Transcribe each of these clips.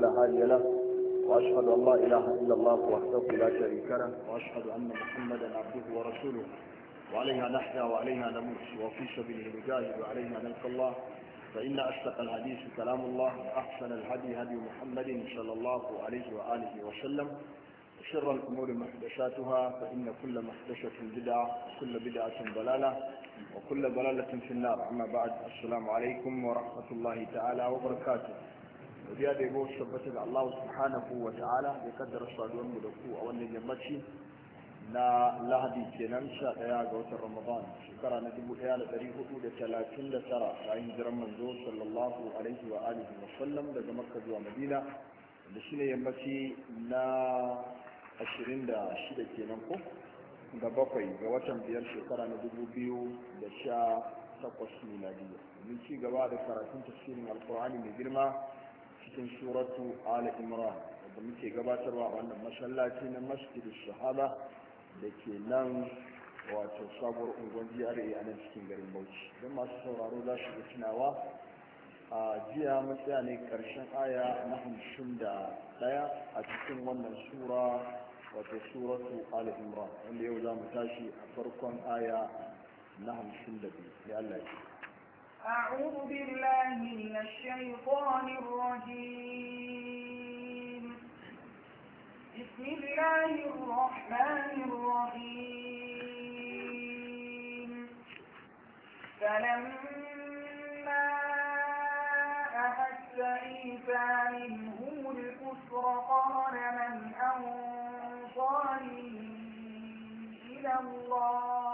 ولا هادي له وأشهد أن لا إله إلا الله وحده لا شريك له وأشهد أن محمدا عبده ورسوله وعليها نحيا وعليها نموت وفي سبيله نجاهد وعليها نلقى الله فإن أشتق الحديث كلام الله أحسن الهدي هدي محمد صلى الله عليه وآله وسلم وشر الأمور محدثاتها فإن كل محدثة بدعة وكل بدعة ضلالة وكل ضلالة في النار أما بعد السلام عليكم ورحمة الله تعالى وبركاته godiya da yabo tabbata ga Allah subhanahu wa ta'ala ya kaddara saduwar mu da ku a wannan yammaci na lahadi kenan sha daya ga watan ramadan shekara na dubu ɗaya da dari hudu da talatin da tara a bayan hijiran manzo sallallahu alaihi wa alihi wa sallam daga makka zuwa madina da shine yammaci na ashirin da shida kenan ko da bakwai ga watan biyar shekara na dubu biyu da sha takwas miladiya domin ci gaba da karatun tafsirin alkur'ani mai girma cikin suratu ala imran wadda muke gabatarwa a wannan masallaci na masjidu shahada da ke nan wato sabuwar unguwar gra a nan cikin garin bauchi don masu sauraro za su ga tunawa a jiya mun tsaya ne karshen aya na hamsin da ɗaya a cikin wannan sura wato suratu ala imran wanda yau za mu tashi a farkon aya na hamsin da biyu ya Allah أعوذ بالله من الشيطان الرجيم بسم الله الرحمن الرحيم فلما أحس عيسى منهم الكفر قال من أنصاري إلى الله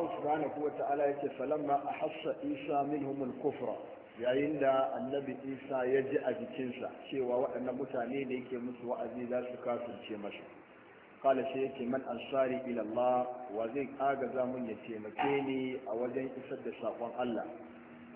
Allah subhanahu wa ta'ala yake falamma ahassa Isa minhum kufra yayin da annabi Isa ya ji a jikinsa cewa waɗannan mutane da yake musu wa'azi za su kasance masa kala sai yake man ansari ila Allah wa zai kagaza mun ya taimake ni a wajen isar da sakon Allah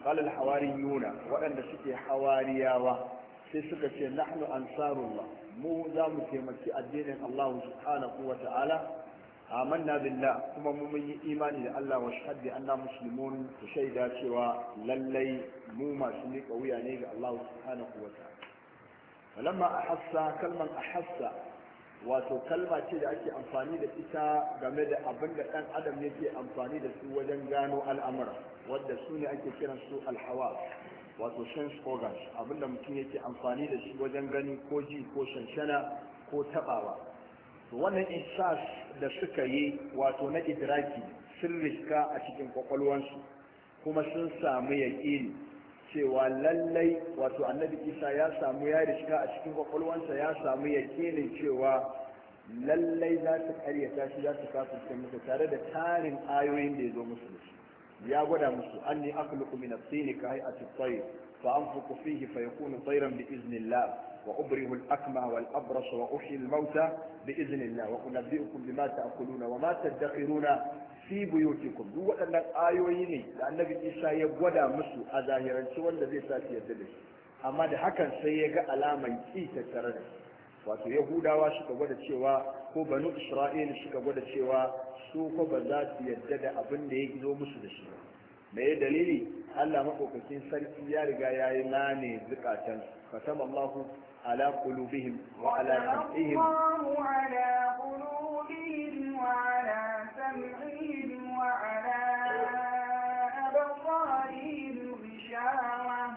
kala al-hawariyuna waɗanda suke hawariyawa sai suka ce nahnu ansarullah mu za mu taimaki addinin Allah subhanahu wa ta'ala amanna billah kuma mun yi imani da Allah wa shahad anna muslimun ku shaida cewa lallai mu masu miƙa wuya ne ga Allah subhanahu wa ta'ala walamma ahassa kalman ahassa wato kalma ce da ake amfani da ita game da abin da ɗan adam yake amfani da su wajen gano al'amura wadda su ne ake kiran su alhawa wato sense organs abinda mutum yake amfani da shi wajen gani ko ji ko shanshana ko taɓawa wannan insas da suka yi wato na idraki sun riska a cikin kwakwalwansu kuma sun samu yaƙini cewa lallai wato annabi isa ya samu ya riska a cikin kwakwalwansa ya samu yaƙinin cewa lallai za su ta shi za su kafirce musu tare da tarin ayoyin da ya zo musu da su ya gwada musu anni akhluqu min na tsini ka hay'ati at fa anfuqu fihi fa yakunu tayran bi iznillah wa da وأبره الأكمى والأبرص وأحيي الموتى بإذن الله وأنبئكم بما تأكلون وما تدخرون في بيوتكم دو أن آيويني النبي إيسى يبودا مسو أظاهرا سوى الذي ساتي يدلس أما ده حكا سيجا ألاما إيتا ترنس wato yahudawa suka gwada cewa ko banu isra'ila suka gwada cewa su ko ba za su yadda da abin da ya zo musu da shi mai dalili Allah maɗaukakin sarki ya riga ya yi nane zukatan fatam Allahu على قلوبهم وعلى سمعهم الله على قلوبهم وعلى سمعهم وعلى أبصارهم غشاوة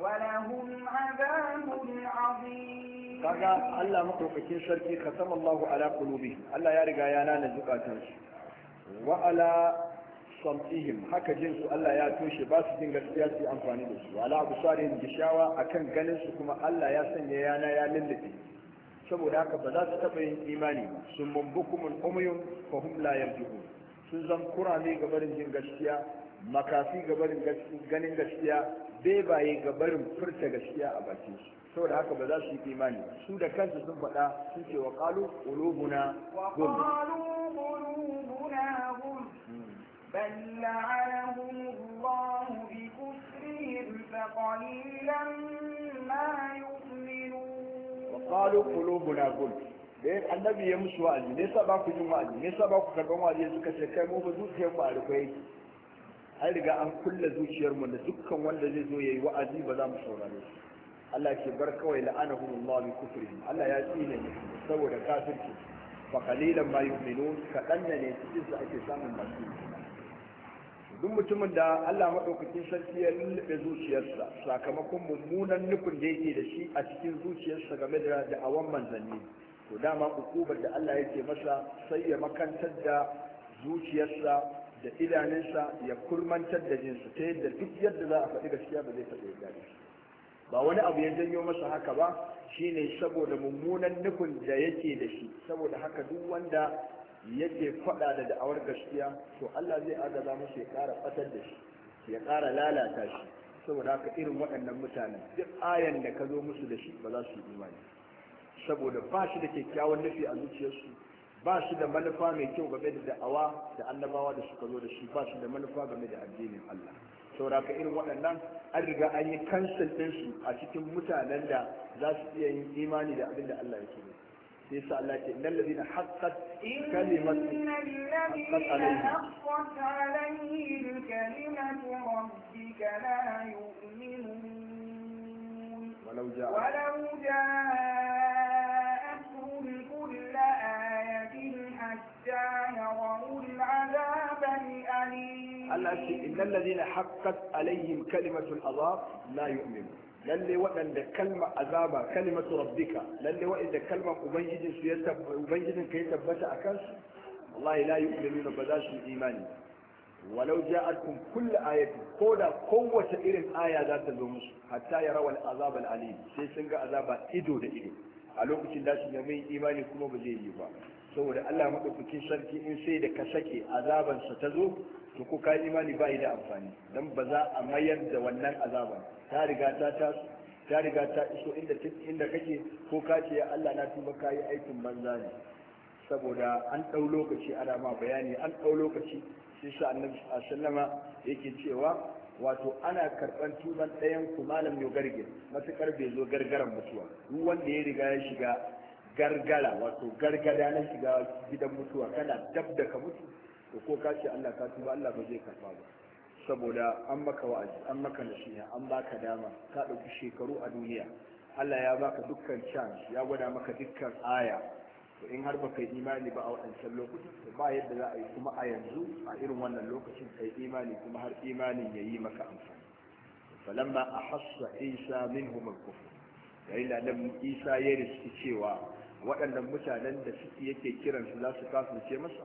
ولهم عذاب عظيم kaga Allah maɗaukakin sarki kasam Allahu ala qulubihim Allah ya riga ya nana zukatansu wa ala samtihim haka jin su Allah ya tushe ba su jin gaskiya su amfani da su wala absarihim gishawa akan ganin su kuma Allah ya sanya yana ya lullufe saboda haka ba za su taba yin imani ba sun mumbukumul umyun fa hum la yamtukun sun zan kurame ga barin jin gaskiya makafi ga barin ganin gaskiya bebaye ga barin furta gaskiya a bakin su saboda haka ba za su yi imani su da kansu sun faɗa sun ce wa qalu qulubuna gumi. بل لعنهم الله بكفرهم فقليلا ما يؤمنون وقالوا قلوبنا غلف da annabi ya musu wa'azi ne sa ba ku yi wa'azi ne sa ba ku karɓar wa'azi ya suka ce kai mu ba zuciyar mu a rufe an riga an kulle zuciyar mu da dukkan wanda zai zo yayi wa'azi ba za mu saurare shi Allah ke bar kawai la'anahum Allah bi kufri Allah ya tsine ne saboda kafirci fa qalilan ma yu'minun kadan ne cikin su ake samun masu duk mutumin da Allah maɗaukacin sarki ya lullube zuciyarsa sakamakon mummunan nufin da yake da shi a cikin zuciyarsa game da da'awan manzanni to dama ukubar da Allah yake masa sai ya makantar da zuciyarsa da idanunsa ya kurmantar da jinsu ta yadda duk yadda za a faɗi gaskiya ba zai faɗi gari ba wani abu ya janyo masa haka ba shine saboda mummunan nufin da yake da shi saboda haka duk wanda yake faɗa da da'awar gaskiya to Allah zai agaza musu ya ƙara fatar da shi ya ƙara lalata shi saboda haka irin waɗannan mutanen duk ayan da ka zo musu da shi ba za su yi imani saboda ba shi da kyakkyawan nufi a zuciyarsu ba shi da manufa mai kyau game da da'awa da annabawa da suka zo da shi ba shi da manufa game da addinin Allah saboda haka irin waɗannan an riga an yi kansil ɗinsu a cikin mutanen da za su iya yin imani da abin da Allah yake yi يسعى الله إن الذين حقت كلمة إن الذين حقت عليهم كلمة ربك لا يؤمنون ولو جاء ولو جاءتهم كل آية حتى يروا العذاب الأليم الله إن الذين حقت عليهم كلمة العذاب لا يؤمنون lalle waɗanda kalma azaba kalimatu rabbika lalle waɗanda kalma ubangijin su ubangijin ka ya tabbata akan su wallahi la yu'minuna ba za su imani walau ja'atkum kullu ayatin ko da kowace irin aya za ta zo musu hatta ya rawal azab al alim sai sun ga azaba ido da ido a lokacin da su mai imani kuma ba zai yi ba saboda Allah madaukakin sarki in sai da ka sake azaban sa ta zo to ko ka imani ba da amfani dan ba za a mayar da wannan azaban ta riga ta ta ta riga ta iso inda inda kake ko ka ce ya Allah na tuba kai aikin manza ne saboda an ɗau lokaci ana ma bayani an ɗau lokaci shi sa annabi sallama yake cewa wato ana karɓar tuban ɗayan ku malam yo garge matuƙar bai zo gargaran mutuwa duk wanda ya riga ya shiga gargara wato gargada na shiga gidan mutuwa kana dab da ka mutu to ko ka ce Allah ka tuba Allah ba zai karba ba saboda an maka wa'azi an maka nasiha an baka dama ka ɗauki shekaru a duniya Allah ya baka dukkan chance ya gwada maka dukkan aya to in har baka yi imani ba a waɗancan lokaci? to ba yadda za a yi kuma a yanzu a irin wannan lokacin kai imani kuma har imanin ya yi maka amfani falamma ahassa isa minhum al-kufr yayi da nan isa ya riski cewa waɗannan mutanen da suke yake kiransu za su kasance masa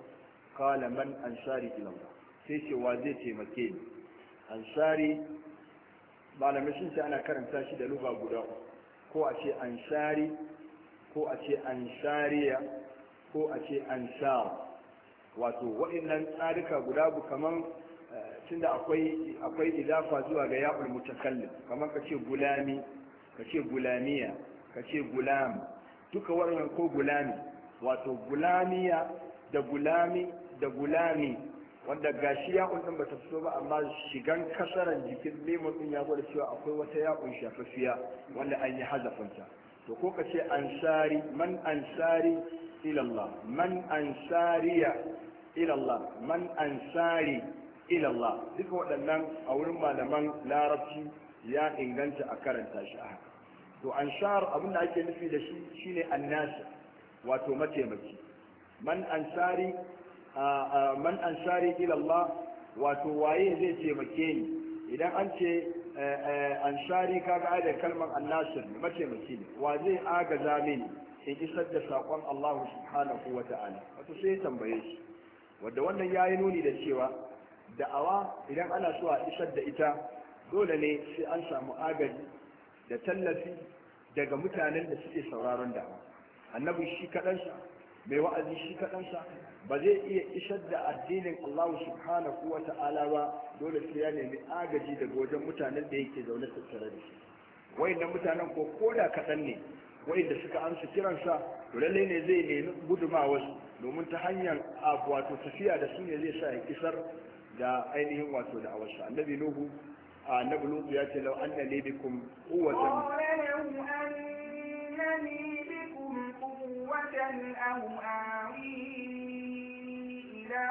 qala man anshari ila Allah sai ce wa zai taimake ni ansari malamai shi sai ana karanta shi da lugha guda ko a ce ansari ko a ce ansariya ko a ce anshar wato waɗannan tsarika guda bu kamar eh, tunda akwai akwai idafa zuwa ga ya'ul mutakallim kaman kace gulami kace gulamiya kace gulam duka wannan ko gulami wato gulamiya da gulami da gulami wanda gashi ya din ba ta fito ba amma shigan kasaran jikin lemun din ya gwada cewa akwai wata ya shafaffiya wanda an yi hazafinta to ko ka ce ansari man ansari ilallah man ansariya ilallah man ansari ilallah duka waɗannan a wurin malaman larabci ya inganta a karanta shi a haka to anshar abin da ake nufi da shi shine annasa wato mataimaki man ansari man ansari wato waye zai taimake ni idan an ce ansari kaga ai kalmar annasir mataimaki ne wa zai agaza mini in isar da sakon Allah subhanahu wa ta'ala wato sai tambaye shi Wadda wannan yayi nuni da cewa da'awa idan ana so a isar da ita dole ne sai an samu agaji da tallafi daga mutanen da suke sauraron da'awa annabi shi kaɗansa. mai wa'azi shi kaɗansa ba zai iya ishar da addinin Allah subhanahu wa ta'ala ba dole sai ya nemi agaji daga wajen mutanen da yake zaune tattare da shi da mutanen ko koda kaɗan ne da suka amsa kiransa to lalle ne zai nemi wasu domin ta hanyar abu wato tafiya da su ne zai sa ya kisar da ainihin wato da awasa annabi nuhu nabi nuhu ya ce lau أو آوي إلى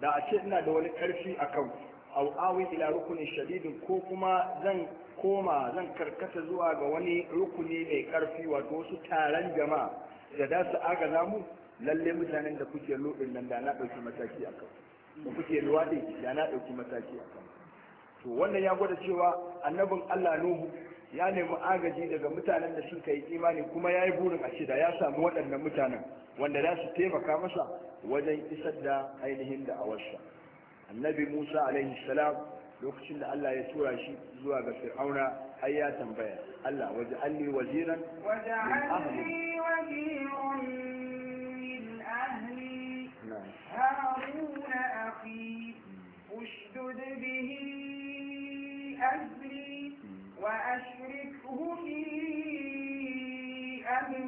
da a ce ina da wani ƙarfi a kan au awi ila rukunin shadidin ko kuma zan koma zan karkata zuwa ga wani rukuni mai ƙarfi wato wasu taron jama'a da za su agaza mu lalle mutanen da kuke lodin da na ɗauki mataki a kan to wannan ya gwada cewa annabin Allah Nuhu ya nemi agaji daga mutanen da suka yi imani kuma ya yi burin a ce ya samu waɗannan mutanen wanda za su taimaka masa wajen isar da ainihin da'awarsa annabi Musa alaihi salam lokacin da Allah ya tura shi zuwa ga Fir'auna ai ya tambaya Allah waj'alni waziran waj'alni waziran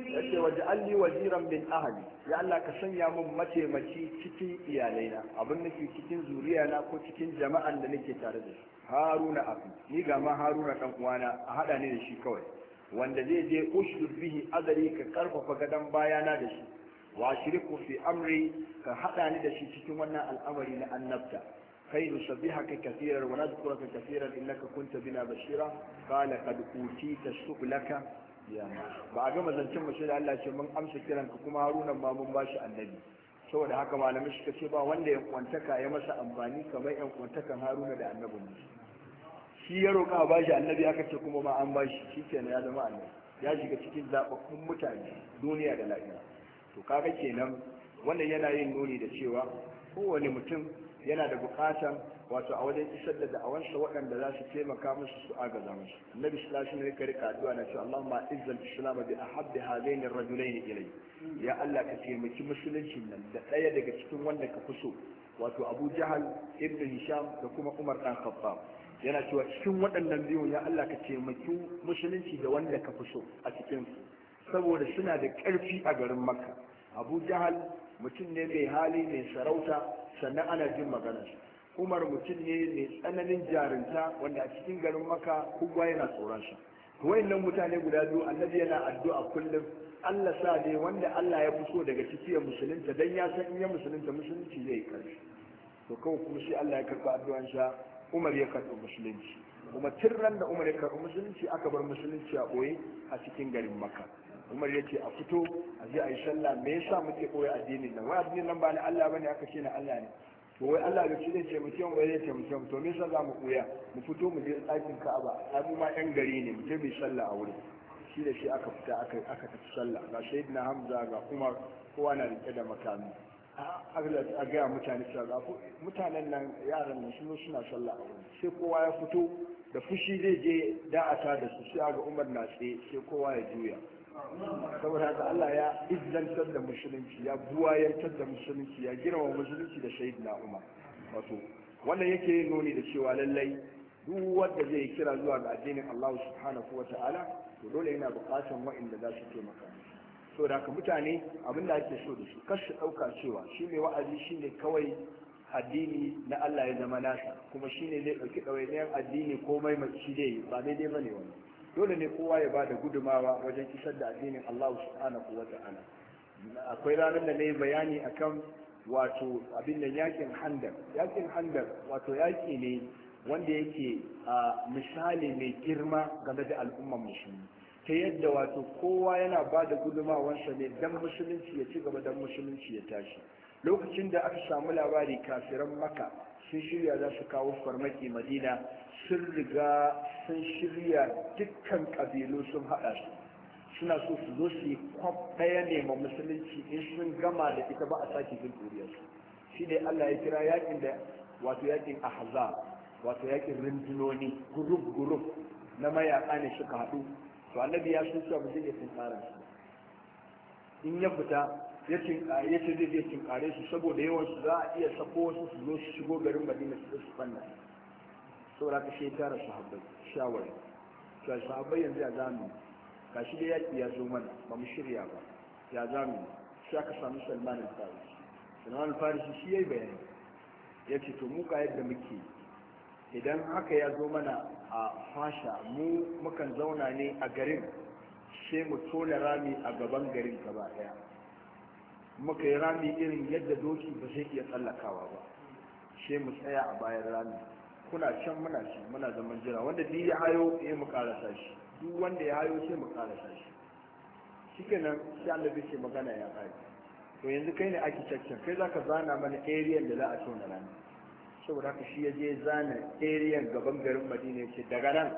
yace waj'alni waziran min ahli ya Allah ka sanya mun mataimaki cikin iyalaina abin nake cikin zuriya na ko cikin jama'an da nake tare da shi haruna afi ni ga ma haruna dan uwana a hada ne da shi kawai wanda zai je ushud bihi azari ka karfafa gadan bayana da shi wa shiriku fi amri ka hada ni da shi cikin wannan al'amari na annabta كي نسبحك كثيرا ونذكرك كثيرا إنك ka بنا بشيرا قال قد أوتيت سؤلك ba a gama zancen mu da Allah ce mun amsa kiran ka kuma Haruna ma mun bashi annabi saboda haka malamai shi ce ba wanda ya kwantaka ya masa amfani kamar yan kwantakan Haruna da annabin shi ya roƙa ba shi annabi aka ce kuma ma an bashi, shi shikenan ya zama annabi ya shiga cikin zaɓaɓɓun mutane duniya da lafiya to kaga kenan wannan yana yin nuni da cewa kowane mutum yana da buƙatar wato a wajen isar da da'awansa waɗanda za su taimaka musu su agaza musu annabi sallallahu alaihi wasallam rika addu'a na ce Allahumma izzal islam bi ahabbi hadaini rajulaini ilay ya Allah ka taimaki musulunci nan da ɗaya daga cikin wanda ka fi so wato Abu Jahal ibn Hisham da kuma Umar dan Khattab yana cewa cikin waɗannan biyun ya Allah ka taimaki musulunci da wanda ka fi so a cikin su saboda suna da ƙarfi a garin Makka Abu Jahal mutum ne mai hali mai sarauta sannan ana jin maganarsa umar mutum ne mai tsananin jarinta wanda a cikin garin maka kuma yana tsoron shi nan mutane guda biyu annabi yana addu'a kullum Allah sa ne wanda Allah ya fi so daga ciki ya musulunta dan ya san in ya musulunta musulunci zai karshe to kawai kuma sai Allah ya karɓi addu'an sa Umar ya karɓi musulunci kuma tirran da Umar ya karɓi musulunci aka bar musulunci a ɓoye a cikin garin maka. Umar ya ce a fito a je a yi sallah me yasa muke ɓoye addinin nan wai addinin nan ba na Allah ne, aka ce na Allah ne to wai Allah ga shi zai ce mutum wai zai ce mutum to me yasa za mu koya mu fito mu je tsakin Ka'aba an ma yan gari ne mu je mu sallah a wurin shi da shi aka fita aka aka tafi sallah ga sayyidina Hamza ga Umar kowa na rike da makami a gaya mutane za ga mutanen nan yaran nan sun suna sallah a wurin sai kowa ya fito da fushi zai je da'ata da su sai ga Umar na tsaye sai kowa ya juya saboda haka Allah ya izzantar da musulunci ya buwayantar da musulunci ya girma musulunci da shaidina umar wato wannan yake nuni da cewa lallai duk wanda zai kira zuwa ga addinin Allah subhanahu wa ta'ala to dole yana buƙatar wa'inda za su taimaka so da mutane abin da ake so da su kar su ɗauka cewa shi ne wa'azi shi ne kawai addini na Allah ya zama nasa kuma shi ne zai ɗauki ɗawainiyar addini komai mai shi dai ba daidai ba ne wannan dole ne kowa ya bada gudumawa wajen kisar da addinin Allah subhanahu wa ta'ala akwai ranar da nayi bayani akan wato abin da yakin handar yakin handar wato yaki ne wanda yake a misali mai girma game da al'ummar musulmi ta yadda wato kowa yana ba da gudumawansa ne dan musulunci ya ci gaba dan musulunci ya tashi lokacin da aka samu labari kafiran maka sun shirya za su kawo farmaki madina sun riga sun shirya dukkan ƙabilu sun haɗa su suna so su zo su yi kwaɓɓaya ɗaya ne ma musulunci in sun gama da ita ba a sake jin su shi ne allah ya kira yakin da wato yakin ahzab wato yakin rundunoni guruf guruf na mayaƙa ne suka haɗu to annabi ya so cewa zai iya tunkara su in ya fita ya ce zai iya su saboda yawan su za a iya sako wasu su zo su shigo garin madina su su fanna saboda ka tara sahabbai shawari to sahabbai yanzu ya zamu ka shi da yaki ya zo mana ba mu shirya ba ya zamu shi aka samu Salman al-Farisi Salman al-Farisi shi yayi bayani yace to mu ka yadda muke idan haka ya zo mana a fasha mu mukan zauna ne a garin sai mu tona rami a gaban garin gaba daya muka yi rami irin yadda doki ba zai iya tsallakawa ba sai mu tsaya a bayan rami kuna can muna shi muna zaman jira wanda duk ya hayo ya eh, mu karasa shi duk wanda ya hayo sai mu karasa shi shikenan sai annabi ce magana ya kai to yanzu kai ne architecture kai zaka zana mana area da za a tona rana saboda haka shi ya je zana area gaban garin Madina yace daga nan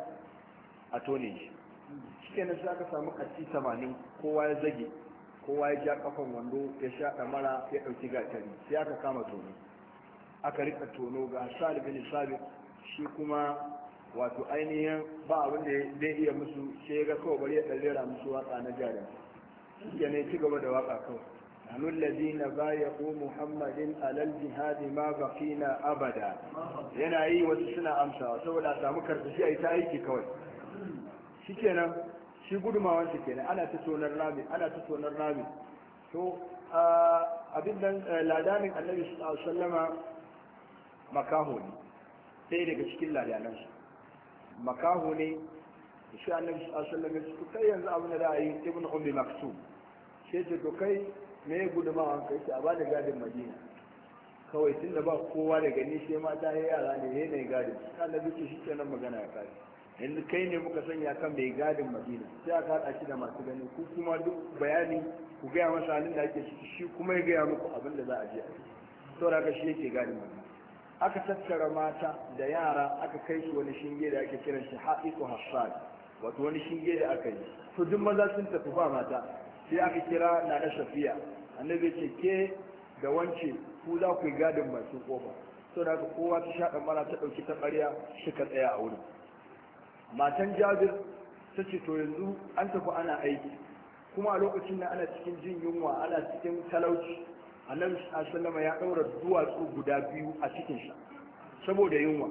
a tone shi shikenan sai aka samu kaci 80 kowa ya zage kowa ya ja kafan wando ya sha damara ya dauki gatari sai aka kama tono aka rika tono ga salibin bin Sabit shi kuma wato ainihin ba abin da zai iya musu sai ga kawai bari ya tsallera musu waka na jarin shi ne ci gaba da waka kawai nanu Ladina, ba ya ku muhammadin alal jihadi ma bakina abada yana yi wasu suna amsawa saboda a samu shi a yi ta aiki kawai shi kenan shi gudumawansa kenan ana ta tonar rami ana ta tonar rami to abin nan eh, ladanin annabi sallama makaho ne sai daga cikin ladanan shi makaho ne shi annabi sallallahu alaihi wasallam kai yanzu abin da ra'ayi ibn ummi maktum sai ce to kai me ya gudu ma kai a da gadin madina kawai tunda ba kowa da gani sai ma ta yi yara ne ya yi gadin annabi ce shi kenan magana ya kare yanzu kai ne muka sanya kan mai gadin madina sai aka haɗa shi da masu gani ku kuma duk bayani ku gaya masa halin da ake ciki shi kuma ya gaya muku abin da za a je a yi saboda haka shi yake gadin madina aka tattara mata da yara aka kai su wani shinge da ake kiran shi ha'iku hassan wato wani shinge da aka yi to duk maza sun tafi ba mata sai aka kira na da shafiya annabi ce ke da wance ku za ku yi gadin masu kofa to da haka kowa ta shaɗa mara ta ɗauki ta ƙarya ka tsaya a wurin matan jabir ta ce to yanzu an tafi ana aiki kuma a lokacin da ana cikin jin yunwa ana cikin talauci annabi sallama ya ɗaura duwatsu guda biyu a cikinsa saboda yunwa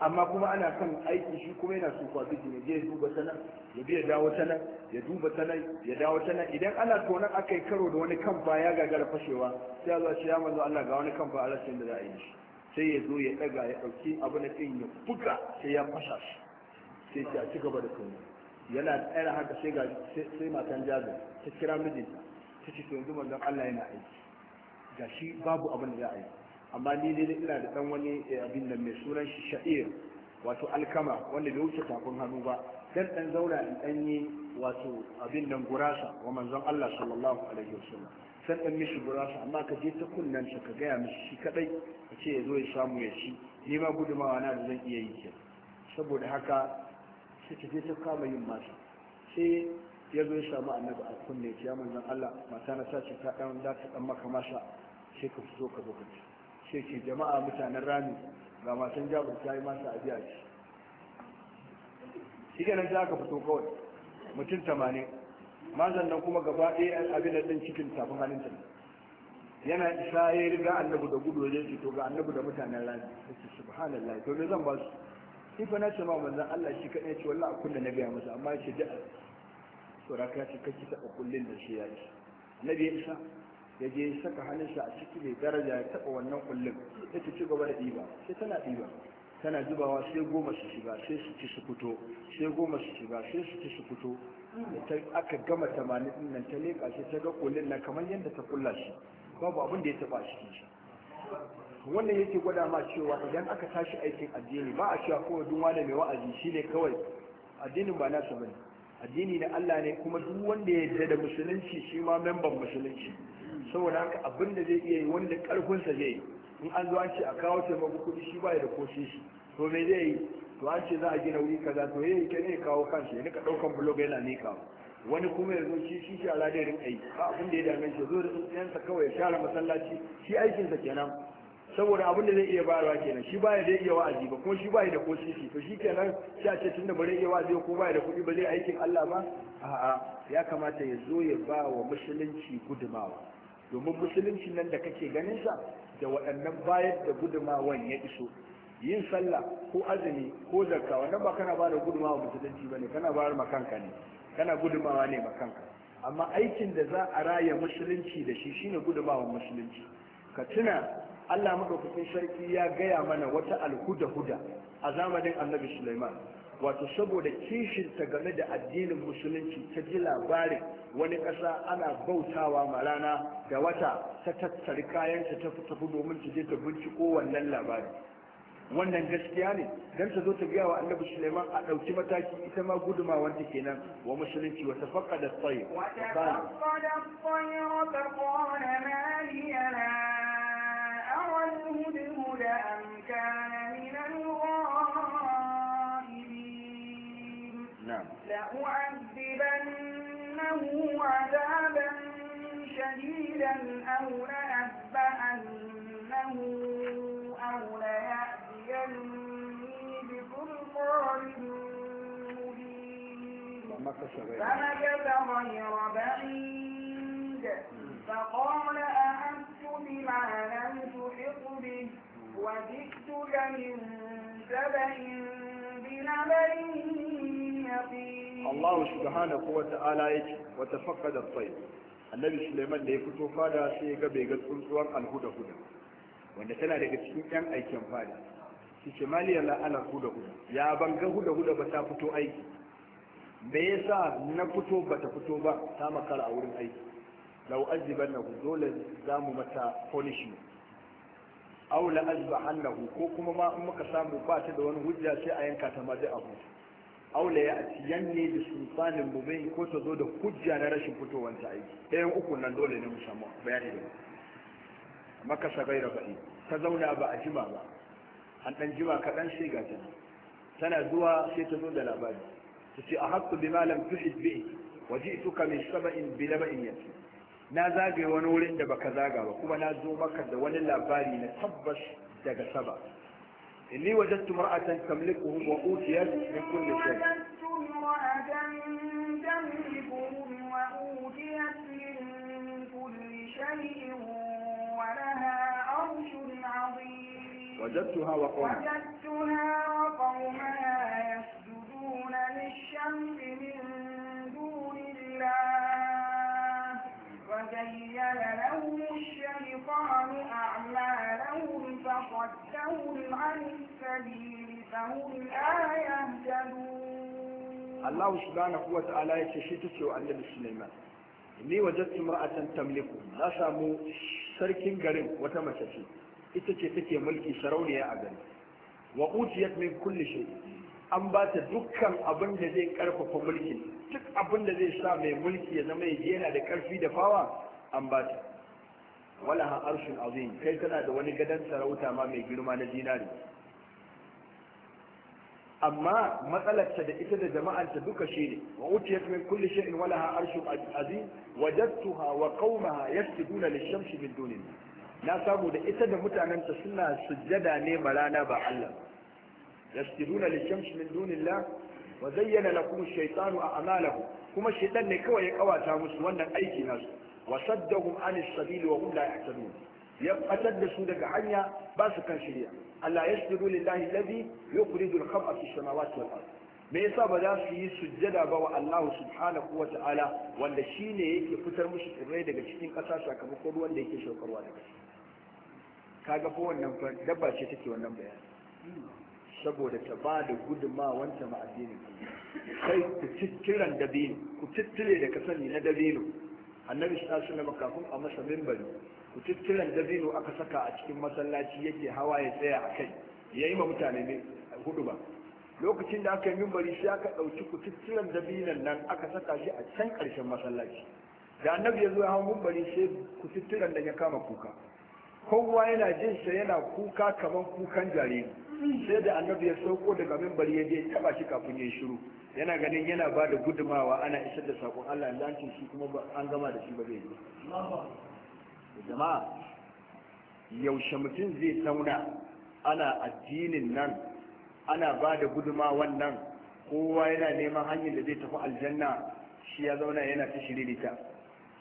amma kuma ana kan aiki shi kuma yana kwa kwafi ne zai duba sana, ya biya dawo sana, ya duba sana, ya dawo sana. idan ana tonan aka yi karo da wani kan ba ya gagara fashewa sai Allah shi ya manzo Allah ga wani kan ba Allah sai da za yi shi sai ya zo ya daga ya dauki abu na din ya buga sai ya fasha shi sai ya ci gaba da tono yana tsaya haka sai ga sai matan jazo ta kira mijinta ta ce to yanzu manzon Allah yana aiki gashi babu abin da za a yi amma ni dai ina da dan wani eh, abin da mai sunan shi sha'ir wato alkama wanda bai wuce tafin hannu ba dan dan zaura in dan yi wato abin nan gurasa wa manzon Allah sallallahu alaihi wasallam san dan mishi gurasa amma ka je ta kunnan shi ka gaya mishi shi kadai ka ce ya zo ya samu ya ci ni ma gudumawa na da zan iya yi ke saboda haka sai ta je ta kama yin masa sai ya zo ya samu annabi a kunne ya manzan Allah mata na sace ta dan da ta dan maka masha sai ka fito ka zo ka ci sai ke jama'a mutanen rami ga matan jabir ta yi masa abiya ci shi nan za ka fito kawai mutum tamanin mazan nan kuma gaba ɗaya abin da ɗin cikin tafin halin ta yana isa ya riga annabi da gudu ya ce to ga annabi da mutanen rami ya ce subhanallah to me zan ba su in fa na ce ma manzan Allah shi kaɗai ce wallahi a kunna na gaya masa amma ya ce tsora ka ci kake taɓa kullun da shi ya ci nabi ya isa ya je saka hannunsa a ciki mai daraja ya taɓa wannan kullin. ya ci gaba da ɗiba sai tana ɗiba tana zubawa sai goma su shiga sai su ci su fito sai goma su shiga sai su ci su fito aka gama tamanin ɗin nan ta leƙa sai ta ga kullun nan kamar yadda ta kulla shi babu abin da ya taɓa a shi wannan yake gwada ma cewa idan aka tashi aikin addini ba a cewa kowa duk wani mai wa'azi shine kawai addinin ba na bane addini na Allah ne kuma duk wanda ya yarda da musulunci shi ma memban musulunci saboda haka abin da zai iya yi wanda karfinsa zai yi in an zo an ce a kawo taimako kuɗi shi ba ya da koshe shi to me zai yi to an ce za a gina wuri kaza to yayi ke ne kawo kansa ya nika daukan blog yana nika wani kuma ya zo shi shi shi al'adarin abin da ya dame shi zo da sa kawai ya share masallaci shi aikinsa kenan saboda abin da zai iya bayarwa kenan shi baya da iya wa'azi ba kuma shi baya da ko sisi to shi kenan sai a ce tunda bare iya wa'azi ko baya da kuɗi ba zai aikin Allah ba a'a ya kamata ya zo ya ba wa musulunci gudumawa domin musulunci nan da kake ganin sa da waɗannan bayar da gudumawan ya iso yin sallah ko azumi ko zakka wannan ba kana ba da gudumawa musulunci bane kana bayar ma kanka ne kana gudumawa ne ma kanka amma aikin da za a raya musulunci da shi shine gudumawa musulunci ka tuna Allah madaukakin sarki ya gaya mana wata alhuda-huda a zamanin annabi Sulaiman wato saboda kishin ta game da addinin musulunci ta ji labarin wani ƙasa ana bautawa marana da wata ta tattari kayanta ta tafi domin ta je ta binciko wannan labarin wannan gaskiya ne don ta zo ta gaya wa annabi suleiman a ɗauki mataki ita ma guduma wanda kenan wa musulunci wata faƙa da tsaye رأى أم كان من الغائبين نعم. لأعذبنه عذابا شديدا أو لأذبأنه أو ليأتيني بسلطان مبين فمكث غير بعيد فقال أحبت بما لم تحق به وجئتك من سبأ بنبأ يقين الله سبحانه وتعالى يجي وتفقد الطير annabi suleiman da ya fito fada sai ya ga bai ga tsuntsuwar alhuda huda wanda tana daga cikin yan aikin fada shi ce maliyar la'anar huda huda ya ban ga huda huda ba ta fito aiki me yasa na fito ba ta fito ba ta makara a wurin aiki lau aziban nahu dole za mu mata polishi aw la azbahannahu ko kuma ma in muka samu ba ta da wani hujja sai a yanka ta ma duk abu aw la ne da sultanin mubin ko ta zo da hujja na rashin fitowar ta aiki ɗayan uku nan dole ne mu samu bayani da maka da ba'i ta zauna ba a jima ba an dan jima kaɗan sai ga tana zuwa sai ta zo da labari ta ce a haƙƙu bi malam tuhid bi wa ji'tuka min saba'in bi laba'in yanzu. na zage wani wurin da baka zaga ba kuma na zo maka da wani labari na tabbas daga saba inni wajadtu mar'atan tamliku wa utiyat min kulli shay وجدتها وقومها وجدتها وقومها يسجدون للشمس من زين لهم الشيطان أعمالهم فصدهم عن السبيل فهم لا يهتدون الله سبحانه وتعالى يتشتت النبي سليمان إني وجدت امرأة تملكه sarkin garin wata غريب وتمسكي ita ce take mulki sarauniya a gari wa utiyat min kulli shay an ba ta dukkan abin da zai karfafa mulki duk abin da zai sa mai mulki ya zama yana da karfi da fawa an ba ta wala ha arshin azim kai tana da wani gadon sarauta ma mai girma na zinari amma matsalarta da ita da jama'arta duka shi ne wa utiyat min kulli shay'in wala ha arshin azim wajadtuha wa qaumaha yasjuduna lish-shamsi min dunillah na samu da ita da mutanenta suna sujjada ne ma rana ba Allah yasjuduna lish-shamsi min dunillah wa zayyana lakum ash-shaytanu Amalahu kuma shaytan ne kawai ya kawata musu wannan aiki nasu Wasad da an as-sabil wa hum la yahtadun ya fatar da su daga hanya ba su kan shirya Allah yasjudu lillahi alladhi yukhrijul khab'a fi as-samawati wal ardh me yasa ba za su yi sujjada ba wa Allah subhanahu wa ta'ala wanda shi ne yake fitar musu tsirrai daga cikin ƙasa sakamakon ruwan da yake shaukarwa daga shi dabba ce wannan saboda ta ba da guduma ta ma addinin sai ku cicciran dabino ku ciccire da sani na dabino annabi sallallahu alaihi wasallam kafin a masa minbari da dabino aka saka a cikin masallaci yake hawa ya tsaya a kai yayi ma mutane ne hudu ba lokacin da aka yi mimbari, sai aka dauki da dabinan nan aka saka shi a can karshen masallaci da annabi ya zo ya hawo sai kututturen da ya kama kuka kowa yana jin sa yana kuka kamar kukan jariri sai da annabi ya sauko daga mimbari ya je taba shi kafin ya shiru yana ganin yana ba da gudumawa ana isar da sakon Allah lancin shi kuma an gama da shi ba zai yi jama'a yaushe mutum zai tauna ana addinin nan ana ba da gudumawan nan kowa yana neman hanyar da zai tafi aljanna shi ya zauna yana ta shiririta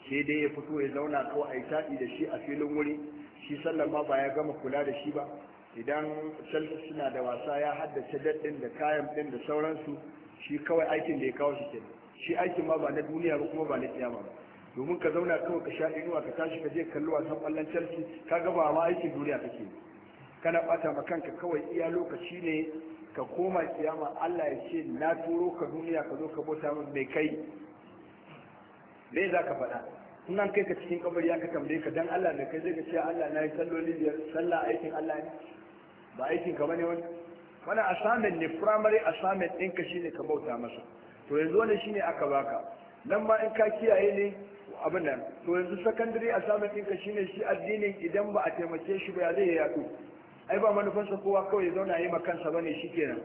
sai dai ya fito ya zauna ko a yi taɗi da shi a filin wuri shi sallan ma ba ya gama kula da shi ba idan sallar suna da wasa ya haddace daɗin da kayan ɗin da sauransu shi kawai aikin da ya kawo shi ke shi aikin ma ba na duniya ba kuma ba na kiyama ba domin ka zauna kawai ka sha inuwa ka tashi ka je kallo san ballan chelsea ka gaba ma aikin duniya kake kana bata ma kanka kawai iya lokaci ne ka koma kiyama Allah ya ce na turo ka duniya ka zo ka bota min mai kai me za ka faɗa in kai ka cikin kabari ka tambaye ka dan Allah ne kai zai ga cewa Allah na yi salloli biyar sallah aikin Allah ne ba aikin ka bane wannan wani asamin ne primary assignment ɗinka shine ka bauta masa to yanzu wani shine aka baka nan ma in ka kiyaye ne abin nan to yanzu secondary assignment ɗinka shine shi addinin idan ba a taimake shi ba ya zai yaɗu ai ba manufansa kowa kawai ya zauna yi ma kansa bane shikenan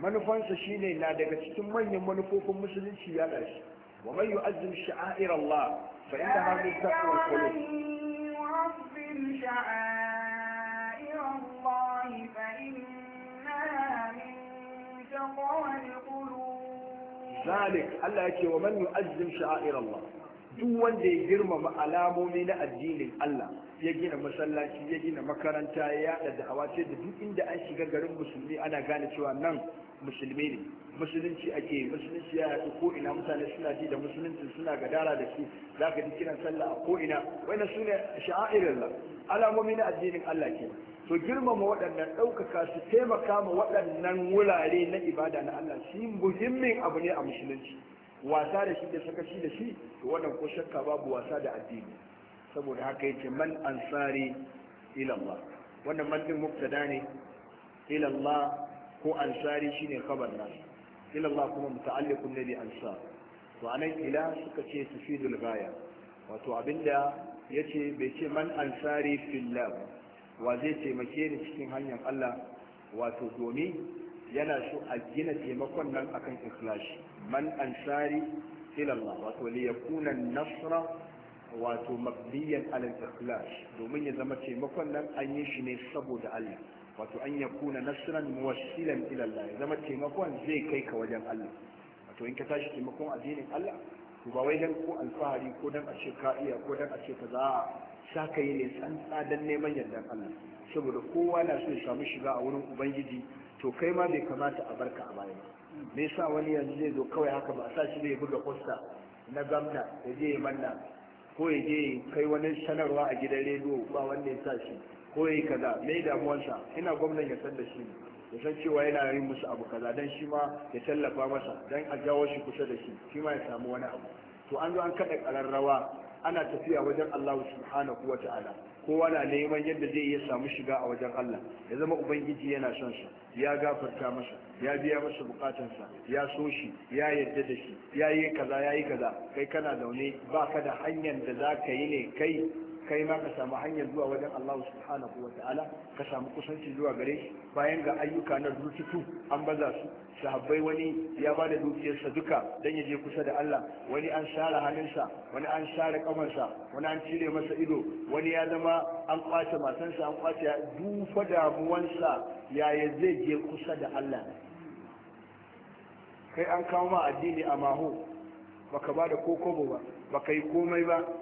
manufansa shine na daga cikin manyan manufofin musulunci ya ɗashi wa man yu'azzim sha'air Allah fa ma min taqwa al-qulub تقال قلوب ذلك الله يكي ومن يؤذم شعائر الله duk wanda ya girmama alamomi na addinin Allah ya gina masallaci ya gina makaranta ya yada da'awa ce da duk inda an shiga garin musulmi ana gane cewa nan musulmi ne musulunci ake musulunci ya yaɗu ko ina mutane suna ji da musulunci suna gadara da shi za ka ji kiran sallah a ko ina wannan su ne sha'airin alamomi na addinin Allah kenan to girmama waɗannan ɗaukaka su taimaka ma waɗannan wurare na ibada na Allah shi muhimmin abu ne a musulunci wasa da shi da shi da shi to wannan ko shakka babu wasa da addini saboda haka yake man ansari ila Allah wannan man mubtada ne ila Allah ko ansari shine khabar nasu ila Allah kuma muta'alliqun ne bi ansar to anan ila suka ce tufidul ghaya wato abinda yace bai ce man ansari fillah wa zai taimake ni cikin hanyar Allah wato domin yana so a gina taimakon nan akan ikhlashi man ansari ila Allah wato li yakuna nasra wato mabniyan ala ikhlash domin ya zama taimakon nan an yi shi ne saboda Allah wato an yakuna nasran muwassilan ila ya zama taimakon zai kai ka wajen Allah wato in ka tashi taimakon addinin Allah to ba wai dan ko alfahari ko dan a ce ka iya ko dan a ce ka za za yi ne tsantsa don neman yardar Allah saboda kowa na so ya samu shiga a wurin ubangiji to kai ma bai kamata a barka a baya me yasa wani yanzu zai zo kawai haka ba a sa shi zai buga posta na gamna ya je ya manna ko ya je kai wani sanarwa a gidan rediyo ba wanda ya sa shi ko ya yi kaza me damuwarsa ina gwamnan ya san da shi ya san cewa yana yin musu abu kaza don shi ma ya tallafa masa don a jawo shi kusa da shi shi ma ya samu wani abu to an zo an kada kararrawa ana tafiya wajen Allah subhanahu wa ta'ala kowa na neman yadda zai iya samu shiga a wajen Allah ya zama ubangiji yana son sa ya gafarta masa ya biya masa sa ya so shi ya yarda da shi ya yi kaza ya yi kaza kai kana zaune ba ka da hanyar da za ka yi ne kai kai ma ka samu hanyar zuwa wajen Allah subhanahu wa ta'ala ka samu kusanci zuwa gare shi bayan ga ayyuka na rututu an baza su sahabbai wani ya ba da dukiyarsa duka dan ya je kusa da Allah wani an share sa wani an share kamarsa wani an cire masa ido wani ya zama an kwace matansa an kwace ya dufa damuwansa yaya zai je kusa da Allah kai an kawo ma addini a maho baka ba da kokobo ba baka yi komai ba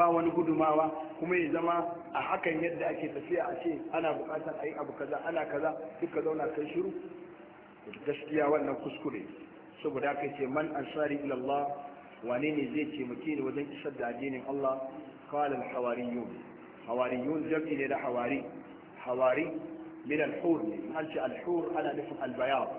ba wani gudumawa kuma ya zama a hakan yadda ake tafiya a ce ana bukatar a yi abu kaza ana kaza duka zauna kai shiru gaskiya wannan kuskure saboda aka ce man ansari ilallah Allah wane ne zai taimake ni wajen isar da addinin Allah kawalin al hawariyun hawariyun jam'i ne da hawari hawari min hur ne an ce ana nufin al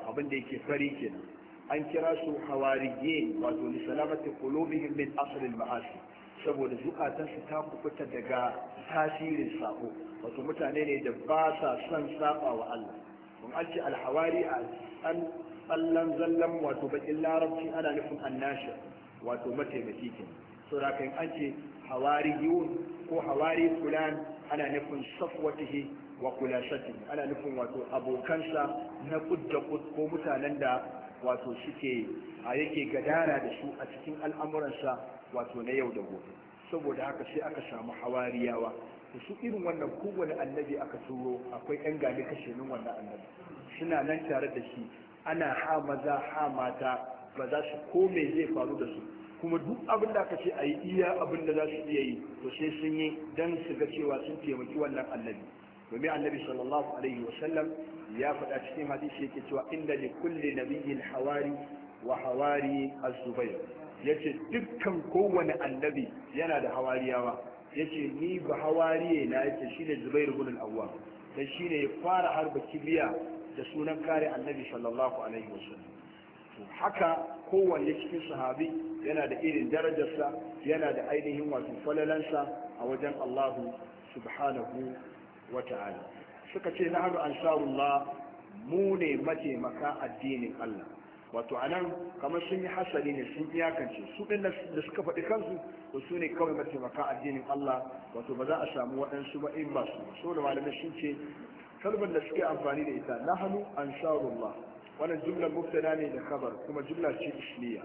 abin da yake fari kenan an kira su hawariyin wato li salamati qulubihim min asalin al ma'asi saboda zukatansu ta kubuta daga tasirin saƙo, wato mutane ne da ba sa son saba wa Allah Mun alci alhawari a an zallan wato bakin larabci ana nufin annashir wato mataimaki ke so da kan an ce hawari yun ko hawari kulan, ana nufin safwatihi wa kulasatihi ana nufin wato abokansa na kudda ko mutanen da wato suke a yake gadara da su a cikin al'amuransa wato na yau da gobe saboda haka sai aka samu hawariyawa da su irin wannan kowane annabi aka turo akwai yan kashe nan wannan annabi suna nan tare da shi ana ha maza ha mata ba za su ko me zai faru da su kuma duk abin da aka ce a yi iya abin da za su iya yi to sai sun yi don su ga cewa sun taimaki wannan annabi domin annabi sallallahu alaihi wasallam ya faɗa cikin hadisi yake cewa inda li kulli nabiyyin hawari wa hawari az-zubayr yace dukkan kowane annabi yana da hawariyawa yace ni ba hawariye na yace shine zubair ibn al-awwam dan shine ya fara harba kibiya da sunan kare annabi sallallahu alaihi wasallam to haka kowanne cikin sahabi yana da irin darajarsa yana da ainihin wato falalansa a wajen Allahu subhanahu wa ta'ala suka ce nahnu ansarullah mu ne mataimaka addinin Allah wato anan kamar sun yi hasali ne sun iyakance su ɗin da suka faɗi kansu ko su ne kawai mataimaka addinin Allah wato ba za a samu waɗansu ba in ba su so da malamai sun ce kalmar da suke amfani da ita nahnu ansarullah wannan jumla muftada ne da kabar kuma jumla ce ismiya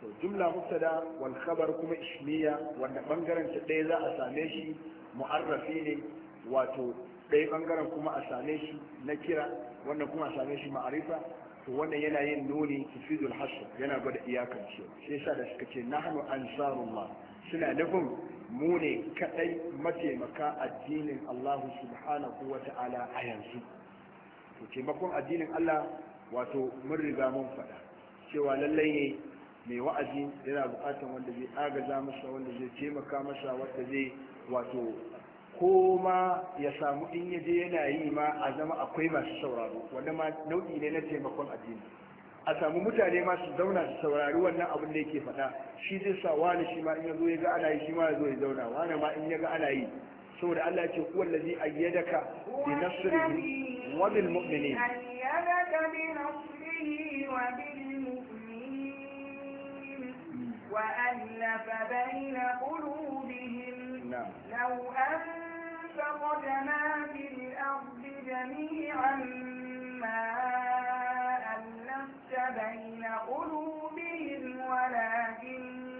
to jumla mubtada wal khabar kuma ismiya wanda bangaren ta ɗaya za a same shi mu'arrafi ne wato ɗaya ɓangaren kuma a same shi na kira wannan kuma a same shi ma'arifa to wannan yana yin nuni tufidul hasu yana gwada iyakan ce sai sa da suka ce nahnu ansarullah suna nufin mu ne kaɗai mataimaka addinin Allahu subhanahu wa ta'ala a yanzu to taimakon addinin Allah wato mun riga mun faɗa cewa lallai ne mai wa'azi yana buƙatar wanda zai agaza masa wanda zai taimaka masa wanda zai wato ko ma ya samu in ya je yana yi ma a zama akwai masu sauraro wanda ma nau'i ne na taimakon addini a samu mutane ma su zauna su saurari wannan abin da yake faɗa shi zai sa wani shi ma in ya zo ya ga ana yi shi ma ya zo ya zauna wani ma in ya ga ana yi saboda Allah ce kuwa lazi ayyadaka bi nasrihi wa bil mu'minin وألف بين قلوبهم لو أن فقد ما في الأرض جميعا ما ألفت بين قلوبهم ولكن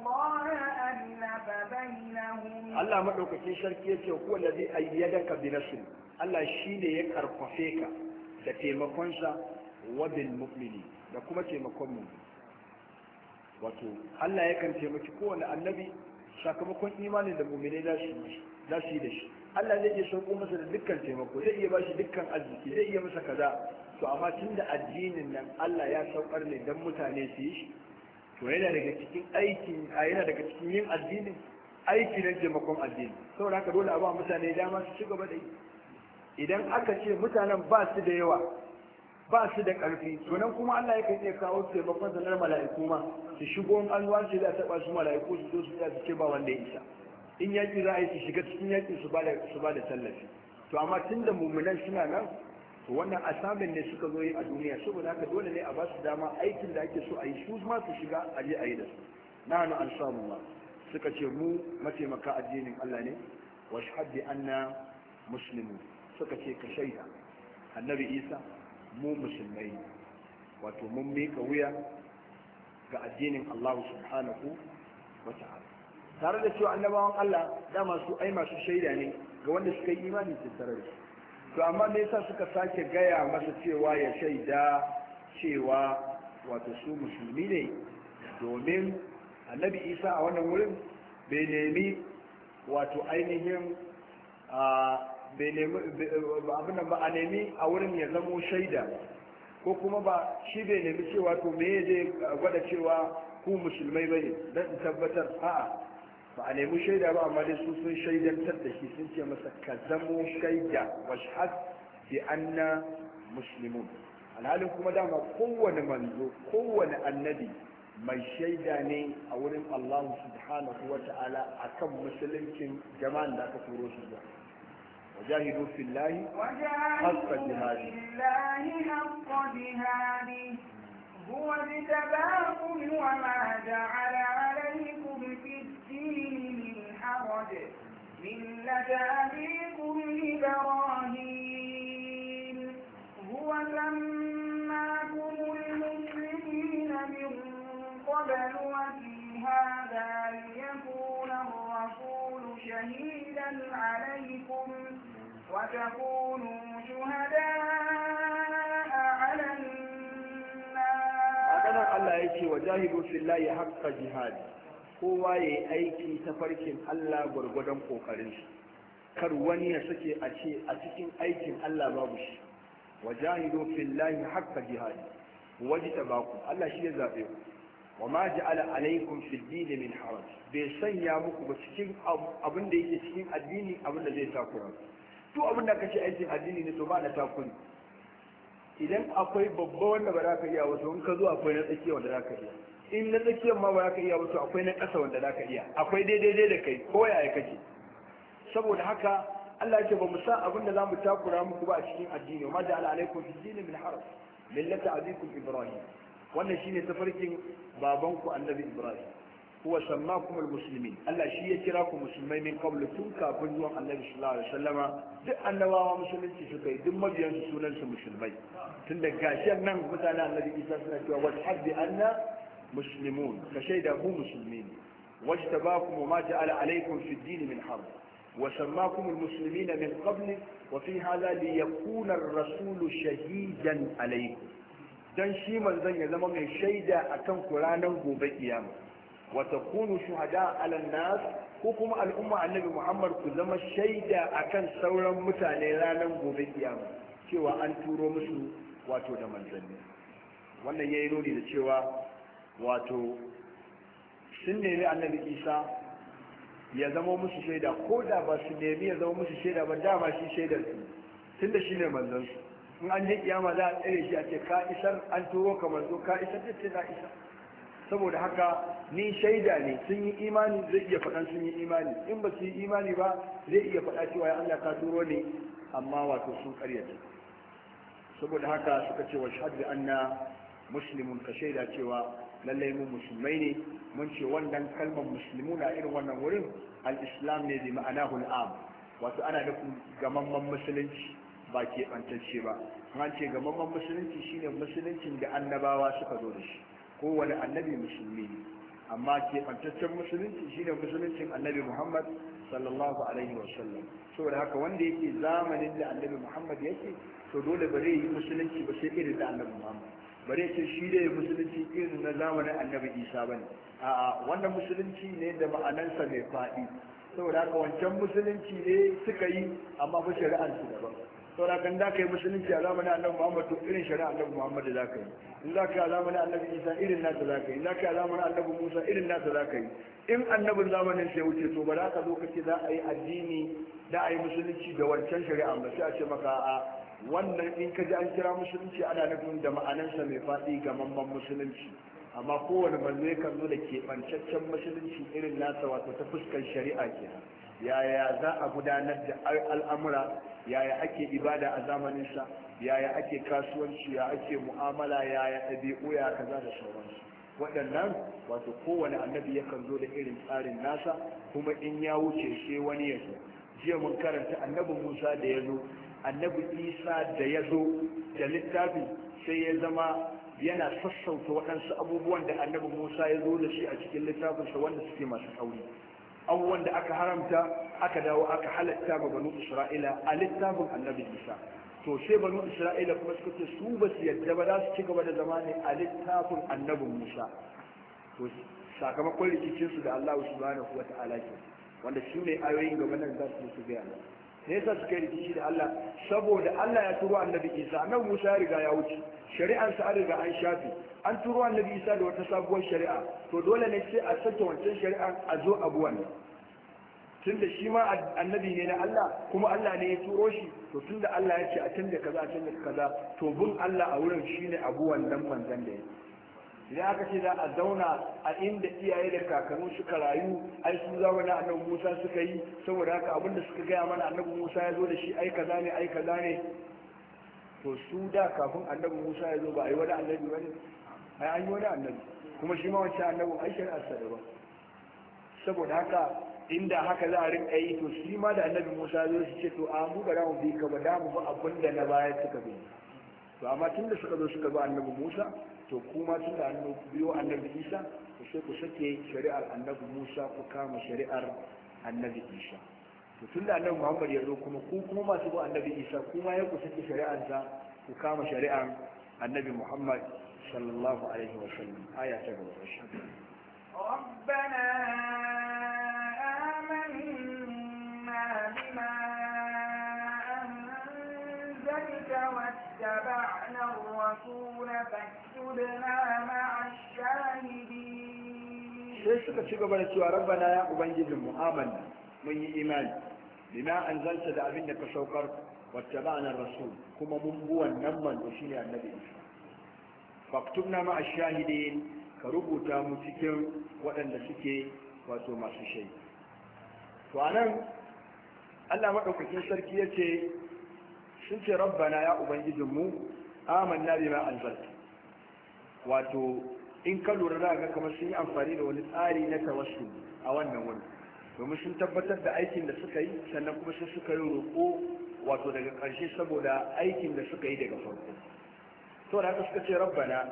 الله ألف بينهم الله مدعوك في a هو الذي أيدك بنصره Allah shi ne ya karfafe ka da taimakonsa wabin mu'mini da kuma taimakon mu wato Allah yakan taimaki kowane annabi sakamakon imanin da mu'minai za su yi za su yi da shi Allah zai iya sauko masa da dukkan taimako zai iya bashi dukkan arziki zai iya masa kaza to amma tun da addinin nan Allah ya saukar ne dan mutane su yi shi to yana daga cikin aikin yana daga cikin yin addinin aiki na taimakon addini saboda haka dole a ba mutane dama su ci gaba da yi idan aka ce mutanen ba su da yawa ba su da karfi to nan kuma Allah yakan iya kawo taimakon sanar mala'iku ma su shigo an zuwa su da taɓa su mala'iku su zo su ce ba wanda ya isa in yaƙi za a yi su shiga cikin yaƙi su ba da tallafi to amma tun da mummunan suna nan to wannan asamin ne suka zo yi a duniya saboda haka dole ne a ba su dama aikin da ake so a yi su ma su shiga a je a yi da su na hannu an samu ma suka ce mu mataimaka addinin Allah ne wa shahadi anna muslimu suka ce ka shaida annabi isa mu musulmai wato mun mika wuya ga addinin Allah subhanahu wa ta'ala tare da cewa annabawan Allah dama su ai masu shaida ne ga wanda suka yi imani tare da to amma me yasa suka sake gaya masa cewa ya shaida cewa wato su musulmi ne domin annabi isa a wannan wurin bai nemi wato ainihin bai nemi abin nan ba a nemi a wurin ya zamo shaida ko kuma ba shi bai nemi cewa to me zai gwada cewa ku musulmai bane don tabbatar a'a ba a nemi shaida ba amma dai su sun shaidantar da shi sun ce masa ka zamo shaida washhad bi anna muslimun alhalin kuma dama kowane manzo kowane annabi mai shaida ne a wurin Allah subhanahu wa ta'ala musuluncin jama'an da aka turo su zuwa wajahidu fillahi haqqa jihadi هو اجتباكم وما جعل عليكم في الدين من حرج ملة أبيكم إبراهيم هو سماكم المسلمين من قبل وفي هذا ليكون الرسول شهيدا عليكم وتكونوا شهداء Allah ya ce wa jahidu fillahi haqqa jihad kowa ya yi aiki ta farkin Allah gwargwadon kokarin shi kar wani ya sake a ce a cikin aikin Allah babu shi wa jahidu fillahi haqqa jihad baku Allah shi ya zabe ku wa ma ja'ala alaykum fi din min haraj bai sanya muku ba cikin abin da yake cikin addini abin da zai takura to abin da kace aikin addini ne to ba na takuri idan akwai babba wanda ba za ka iya wasu in ka zo akwai na tsakiya wanda za ka iya in na tsakiyar ma ba za ka iya wasu akwai na ƙasa wanda za ka iya akwai daidai da kai ko yaya kake saboda haka Allah ya ce ba mu san abin da za mu takura muku ba a cikin addini ma da alaikum fi dini min harf millata abikum ibrahim wannan shine tafarkin babanku annabi ibrahim huwa sammakum almuslimin Allah shi ya kira ku musulmai min qablu tun kafin zuwan Annabi sallallahu alaihi wasallama duk annabawa musulunci suka yi duk mabiyan su sunan su musulmai tun da gashin nan mutane Annabi Isa suna cewa wa habbi anna muslimun ka shaida mu musulmi ne wajtabakum wa ma ja'ala alaykum fi ad-din min harb وسماكم المسلمين من قبل وفي هذا ليكون الرسول shahidan عليكم dan shi manzon ya zama mai shaida akan ku ranar gobe kiyama wa takunu shuhada ala nas ko kuma al'umma annabi Muhammad ku zama shaida akan sauran mutane ranar gobe kiyama cewa an turo musu wato da manzanni wannan yayi nuni da cewa wato sun nemi annabi Isa ya zama musu shaida ko da ba su nemi ya zama musu shaida ba dama shi shaidar su tunda shine manzansu in an je kiyama za a tsare shi a ce ka isar an turo ka manzo ka isar ce na isar saboda haka ni shaida ne sun yi imani zai iya faɗan sun yi imani in ba su yi imani ba zai iya faɗa cewa ya Allah ka turo ne amma wato sun karyata saboda haka suka ce wa shahadu anna muslimun ka shaida cewa lallai mu musulmai ne mun ce wannan kalmar musulmuna irin wannan wurin al-islam ne bi ma'ana al-am wato ana nufin gamamman musulunci ba ke bantacce ba an ce gamamman musulunci shine musuluncin da annabawa suka zo da shi kowane annabi musulmi ne amma keɓantaccen musulunci shi ne musuluncin annabi muhammad sallallahu alaihi wasallam saboda haka wanda yake zamanin da annabi muhammad yake to dole ba zai yi musulunci ba sai irin da annabi muhammad ba zai ce shi ne musulunci irin na zamanin annabi isa ba ne a'a wannan musulunci ne da ma'anansa mai faɗi saboda haka wancan musulunci ne suka yi amma fa shari'ar su daban saboda kan da kai musulunci a zamanin annabi Muhammad to irin shari'a annabi Muhammad za ka yi in za ka yi a zamanin annabi Isa irin nasa za ka yi in za ka yi a zamanin annabi Musa irin nasa za ka yi in annabin zamanin sai wuce to ba za ka zo ka ce za a yi addini da a yi musulunci da wancan shari'a ba sai a ce maka a wannan in ka ji an kira musulunci ana nufin da ma'anansa mai faɗi ga mamman musulunci amma kowane manzo yakan zo da keɓancaccen musulunci irin nasa wato ta fuskar shari'a kenan yaya za a gudanar da al'amura yaya ake ibada a zamanin sa? yaya ake kasuwanci ya ake mu'amala yaya ɗabi'u ya kaza da sauransu waɗannan wato kowane annabi yakan zo da irin tsarin nasa kuma in ya wuce sai wani ya zo jiya mun karanta annabi musa da ya zo annabi isa da ya zo da littafi sai ya zama yana sassauta waɗansu abubuwan da annabi musa ya zo da shi a cikin littafinsa wanda suke masu kauri abubuwan da aka haramta aka dawo aka halatta ma banu isra'ila a littafin annabi isa to sai banu isra'ila kuma suka ce su ba su yadda ba za su ci gaba da zama ne a littafin annabin musa to sakamakon rikicin su da allah subhanahu wata'ala ke wanda shi ne ayoyin gaba nan za su su gaya ne yasa su kai rikici da allah saboda allah ya turo annabi isa nan musa ya riga ya wuce shari'ar sa an riga an shafi an turo annabi isa da wata sabuwar shari'a to dole ne sai a sake wancan shari'a a zo abu wannan tunda shi ma annabi ne na Allah kuma Allah ne ya turo shi to tunda Allah ya ce a canza kaza a canza kaza to bin Allah a wurin shine abu wannan manzan da yake idan aka ce za a zauna a inda iyaye da kakannin suka rayu ai su zama na annabi Musa suka yi saboda haka abinda suka gaya mana annabi Musa ya zo da shi ai kaza ne ai kaza ne to su da kafin annabi musa ya zo ba a yi wani annabi ba ne ai an yi wani annabi kuma shi ma wancan annabin ai shari'arsa ba. saboda haka inda haka za a rinka yi to shi ma da annabi musa zo su ce to a mu ba damu bi ka ba da mu ba abin da na baya suka bi to amma tun da suka zo suka zo annabi musa to kuma tun da annabi biyo annabi isa to sai ku sake shari'ar annabi musa ku kama shari'ar annabi isa to tun da annabi muhammad ya zo kuma ku kuma masu bu annabi isa kuma ya ku kusanci shari'arsa ku kama shari'ar annabi muhammad sallallahu alaihi wa sallam aya ta gaba shi rasula آمنا ma'a ash-shahidin sai suka ci gaba da cewa rabbana ya ubangijin mu amanna mun yi imani bima anzalta da abin da ka saukar wattaba'na rasul kuma mun bi wannan manzo shine annabi isa faktubna ma ashahidin ka rubuta mu cikin waɗanda suke wato masu shaida to anan Allah madaukakin sarki yace sun ce rabbana ya mu amanna bima anzalta wato in ka lura da ga kamar sun yi amfani da wani tsari na tawassul a wannan wani. domin sun tabbatar da aikin da suka yi sannan kuma sai suka yi roƙo wato daga ƙarshe saboda aikin da suka yi daga farko to da haka suka ce rabbana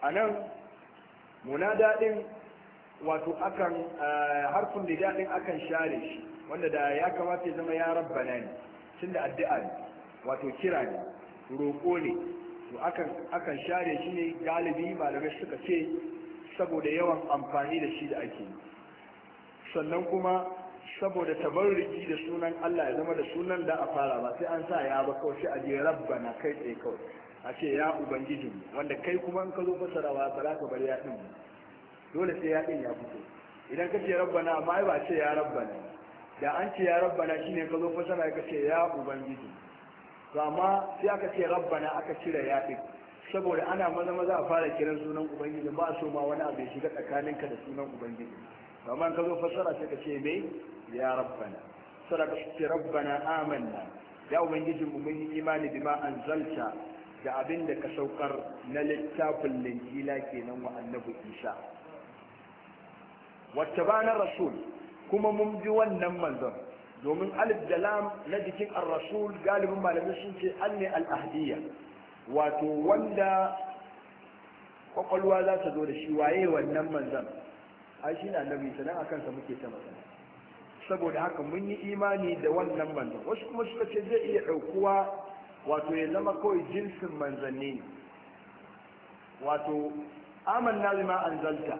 a nan muna daɗin wato akan eh, harfin da daɗin akan share shi wanda da ya kamata ya zama ya rabbana ne tun da addu'a ne wato kira ne roƙo ne to akan share shi ne galibi malamai suka ce saboda yawan amfani da shi da ake yi sannan kuma saboda tabarriki da sunan Allah ya zama da sunan da a fara ba sai an sa ya ba kawai sai a je rabbana kai tsaye kawai a ce ya ubangiji wanda kai kuma in ka zo fasarawa ba za ka bar ya din dole sai ya din ya fito idan ka ce rabbana amma ba ce ya rabbana da an ce ya rabbana shine ka zo fasara ka ce ya ubangiji to amma sai aka ce rabbana aka cire ya din saboda ana maza maza a fara kiran sunan ubangiji ba a so ma wani abu ya shiga tsakaninka da sunan ubangiji kamar ka zo fassara sai ka ce mai ya rabbana ka ce rabbana amanna ya ubangiji mu mun imani bima anzalta da abin da ka saukar na littafin linjila kenan wa annabi isa wattabana rasul kuma mun bi wannan manzon domin alif da lam na jikin ar-rasul galibin malamai sun ce an ne al-ahdiyya wato wanda kwakwalwa za ta zo da shi waye wannan manzon ai shi ne annabi sanan a kansa muke ta magana saboda haka mun yi imani da wannan manzo wasu kuma suka ce zai iya ɗaukuwa wato ya zama kawai jinsin manzanni ne wato amanna lima anzalta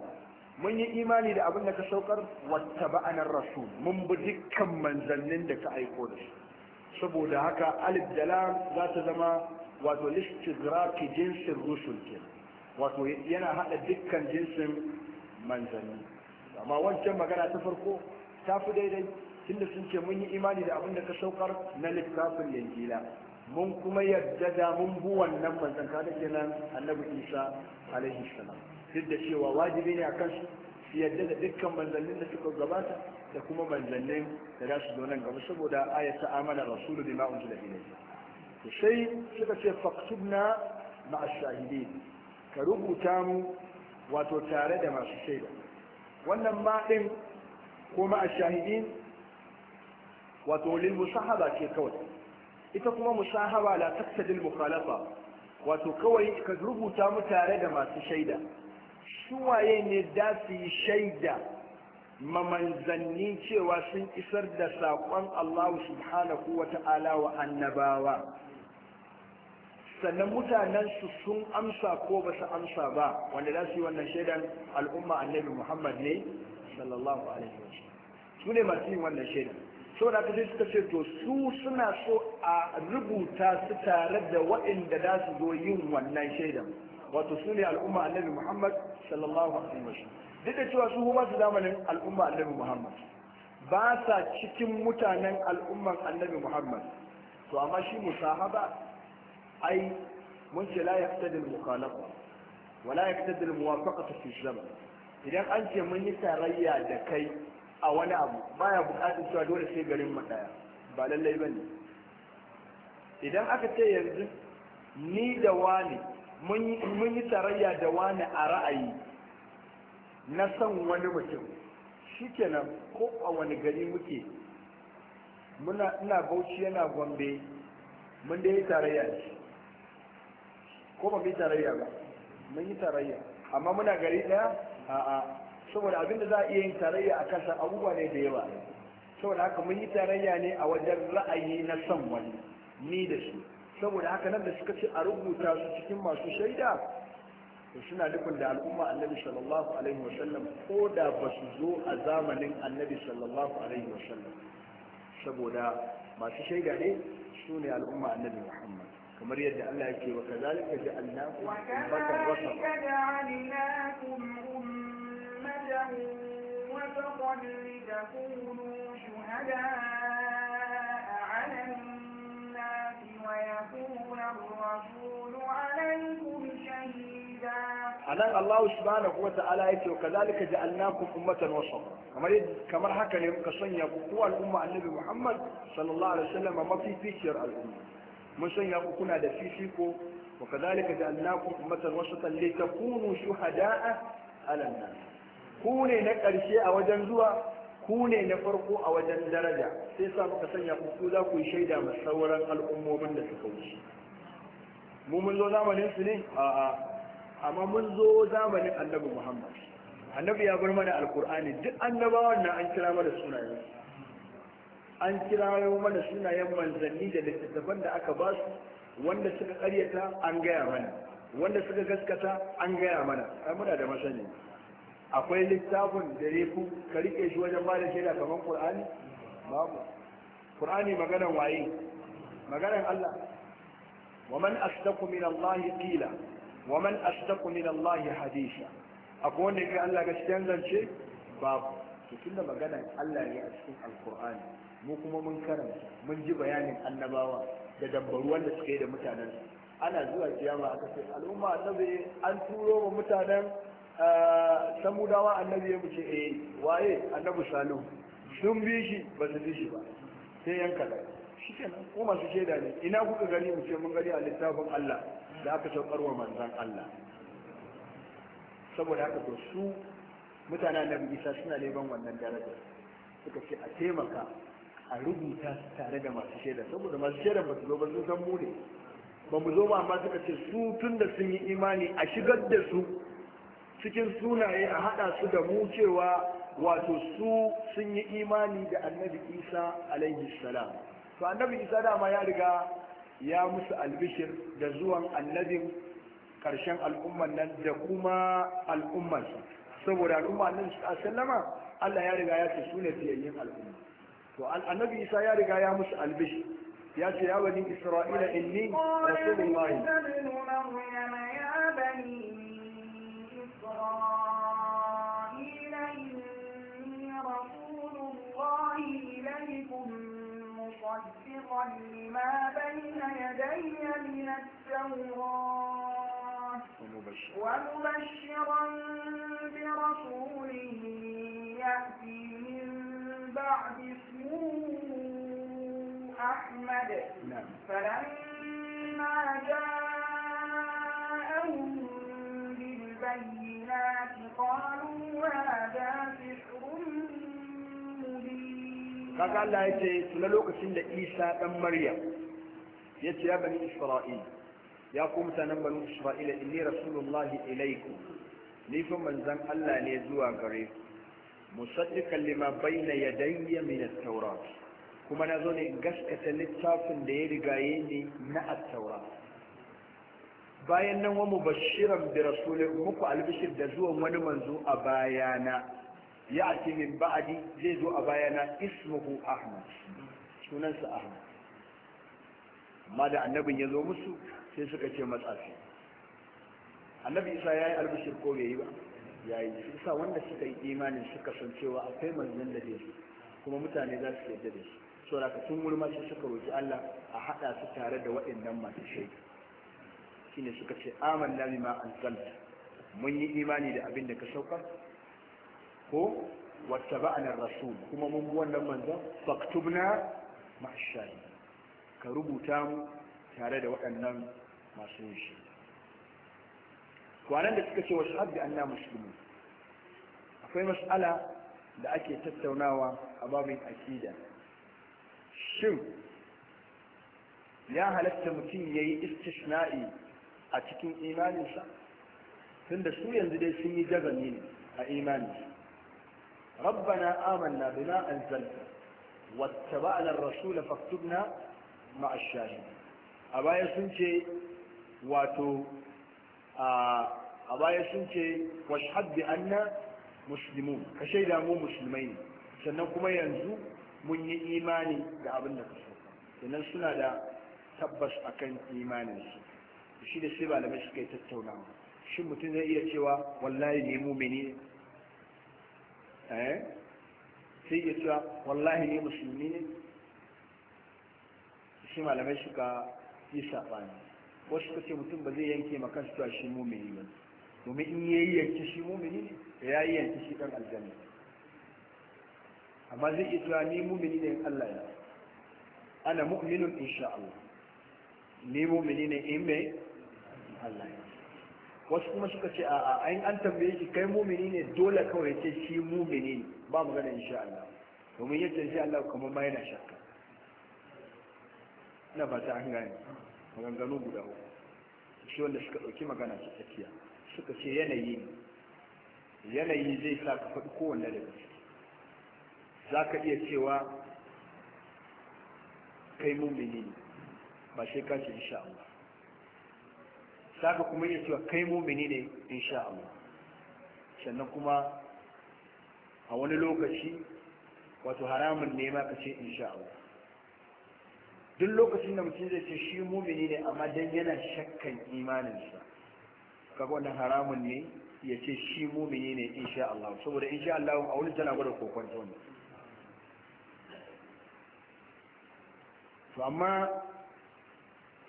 mun yi imani da abin da ka saukar wata ba'anar rasul mun bi dukkan manzannin da ka aiko da su saboda haka alif da za ta zama wato listigraki jinsin rusul ke wato yana hada dukkan jinsin manzanni amma wancan magana ta farko ta fi daidai tunda sun ce mun yi imani da abin da ka saukar na littafin linjila mun kuma yarda da mun bu wannan manzon kada kenan annabi isa alaihi salam duk da cewa wajibi ne akan su su yarda da dukkan manzannin da suka gabata da kuma manzannin da za su zo nan gaba saboda ayata amana rasulu bima unzila ilayhi to sai suka ce faktubna ma'a shahidin ka rubuta mu wato tare da masu shaida wannan ma ɗin ko shahidin wato lil ce kawai ita kuma musahaba la taqtadil mukhalafa wato kawai ka rubuta mu tare da masu shaida waye ne da su yi shaida mamanzanni cewa sun isar da saƙon Allah subhanahu wa ta'ala wa annabawa sannan mutanensu sun amsa ko ba su amsa ba wanda za su yi wannan shaidan al'umma annabi muhammad ne sallallahu alaihi wa su ne masu yin wannan shaidan saboda haka sai suka ce to su suna so a rubuta su tare da waɗanda za su zo yin wannan shaidan wato su ne al'umma annabi muhammad sallallahu alaihi wasallam duk da cewa su kuma su zamanin al'umma annabi muhammad ba sa cikin mutanen al'umman annabi muhammad to amma shi musahaba ai mun ce la yaqtadi al-mukhalafa wa la yaqtadi al-muwafaqatu fi zaman idan an ce mun yi tarayya da kai a wani abu baya buƙatar cewa dole sai garin mu daya ba lallai bane idan aka ce yanzu ni da wani mun yi tarayya da wani a ra'ayi na san wani mutum shikenan ko a wani gari muke muna ina bauchi yana gombe mun da tarayya da ko ba mu yi tarayya ba mun yi tarayya amma muna gari daya a'a saboda abin da za a iya yin tarayya a kansa abubuwa ne da yawa saboda haka mun yi tarayya ne a wajen ra'ayi na son wani ni da shi saboda haka nan da suka ce a rubuta su cikin masu shaida suna nufin da al'umma annabi sallallahu alaihi wasallam ko da ba su zo a zamanin annabi sallallahu alaihi wasallam saboda masu shaida ne su ne al'umma annabi muhammad kamar yadda Allah جعلناكم وكذلك جعلناكم وكذلك جعلناكم امه وسطا لتكونوا شهداء على الناس ويكون الرسول عليكم شهيدا الله سبحانه وتعالى يتي وكذلك جعلناكم أمة وسطا كما حكى لهم كصنيا قوة الأمة النبي محمد صلى الله عليه وسلم ما في فيشر الأمة mun sanya ku kuna da fifiko wa kadhalika wasu ummatan wasatan kunu shuhada'a 'ala an-nas ku ne na ƙarshe a wajen zuwa ku ne na farko a wajen daraja sai sa muka sanya ku ku za ku yi shaida ma sauran al'ummomin da suka wuce mu mun zo zamanin su ne a'a amma mun zo zamanin annabi Muhammad annabi ya bar mana alkur'ani duk annabawan nan an kira mana sunayen an kirayo mana sunayen manzanni da littattafan da aka ba su wanda suka karyata an gaya mana wanda suka gaskata an gaya mana ai muna da masani akwai littafin da refu ka rike shi wajen ba da shaida kamar qur'ani babu qur'ani maganar waye maganar Allah wa man asdaqu min Allah qila wa man asdaqu min Allah hadisha. akwai wanda ke Allah gaskiyan zance babu to tunda maganar Allah ne a cikin alqur'ani mu kuma mun karanta mun ji bayanin annabawa da dambaruwan wanda suka yi da mutanen ana zuwa kiyama aka ce al'umma annabi an turo wa mutanen samudawa annabi ya muce eh waye annabi salu sun bi shi ba su bi shi ba sai yanka da shi kenan ko masu shaida ne ina kuka gani mu ce mun gani a littafin Allah da aka saukar wa manzon Allah saboda haka to su mutanen annabi Isa suna neman wannan daraja, suka ce a taimaka a rubuta tare da masu shaida saboda masu shaida ba su zo ba su san mu ba mu zo ba amma suka ce su tun da sun yi imani a shigar da su cikin sunaye a haɗa su da mu cewa wato su sun yi imani da annabi isa alaihi salam to annabi isa dama ya riga ya musu albishir da zuwan annabin karshen al'umman nan da kuma al'ummarsa saboda al'umma nan a sallama allah ya riga ya ce su ne fiyayyen al'umma to annabi isa ya riga ya musu albishi ya ce ya bani isra'ila inni rasulullahi مصدقا لما بين يدي من التوراة ومبشرا برسول يأتي من بعد اسمه أحمد فلما جاءهم بالبينات قالوا هذا سحر kaga Allah ya ce tuna lokacin da Isa dan Maryam ya ce ya bani Isra'il ya ku mutanen bani Isra'ila inni rasulullahi ilaikum ni fa manzon Allah ne zuwa gare ku musaddiqan lima bayna yadayya min at-taurat kuma na zo ne gaskata littafin da ya rigaye ni na at-taurat bayan nan wa mubashiran bi rasulin muku albishir da zuwan wani manzo a bayana ya ake min ba'adi zai zo a bayana ismuhu ahmad sunansa ahmad amma da annabin ya zo musu sai suka ce matsafi annabi isa ya yi albishir ko bai yi ba yayi shi sa wanda suka yi imanin suka san cewa akwai manzon da zai kuma mutane za su yarda da shi so da tun wurma shi suka roki Allah a hada su tare da waɗannan masu shaidu shine suka ce ma an anzalta mun yi imani da abin da ka sauka, ko wattaba'na rasul kuma mun bi wannan manzon faktubna ma'a ka rubuta mu tare da waɗannan masu Kwanan da suka ce wasu shahadu anna musulmi. akwai mas'ala da ake tattaunawa a babin akida shin ya halatta mutum ya yi istisna'i a cikin imaninsa tunda su yanzu dai sun yi jazami ne a imaninsa ربنا آمنا بما أنزلت واتبعنا الرسول فاكتبنا A baya sun ce wato. a baya sun ce washhad bi anna muslimun ka shaida mu musulmai ne sannan kuma yanzu mun yi imani da abin da ka sannan suna da tabbas akan imaninsu. su shi da sai malamai suka yi tattaunawa shin mutum zai iya cewa wallahi ne mumini ne eh sai ya cewa wallahi ne musulmi ne shi malamai suka yi sabani wasu suka ce mutum ba zai yanke ma kansu cewa shi mumini ba domin in ya yi yanke shi mumini ne da ya yi yanke shi ɗan aljanna amma zai iya cewa ni mumini ne in Allah ya ana mu'minun insha Allah ni mumini ne in mai Allah ya wasu kuma suka ce a a an tambaye shi kai mumini ne dole kawai ya ce shi mumini ne ba magana insha Allah domin yadda insha Allah kuma ma yana shakka na ba ta an gane maganganu guda uku shi wanda suka ɗauki magana ta tsakiya suka ce yanayi ne yanayi zai sa ka faɗi kowanne da ciki za ka iya cewa kai mumini ne ba sai ka ce insha Allah za ka kuma iya cewa kai mumini ne insha Allah sannan kuma a wani lokaci wato haramun ne ma ka ce insha Allah duk lokacin da mutum zai ce shi mumini ne amma dan yana shakkan imaninsa kaga wannan haramun ne ya ce shi mumini ne insha Allah saboda insha Allah a wurin tana gwada kokon ne to amma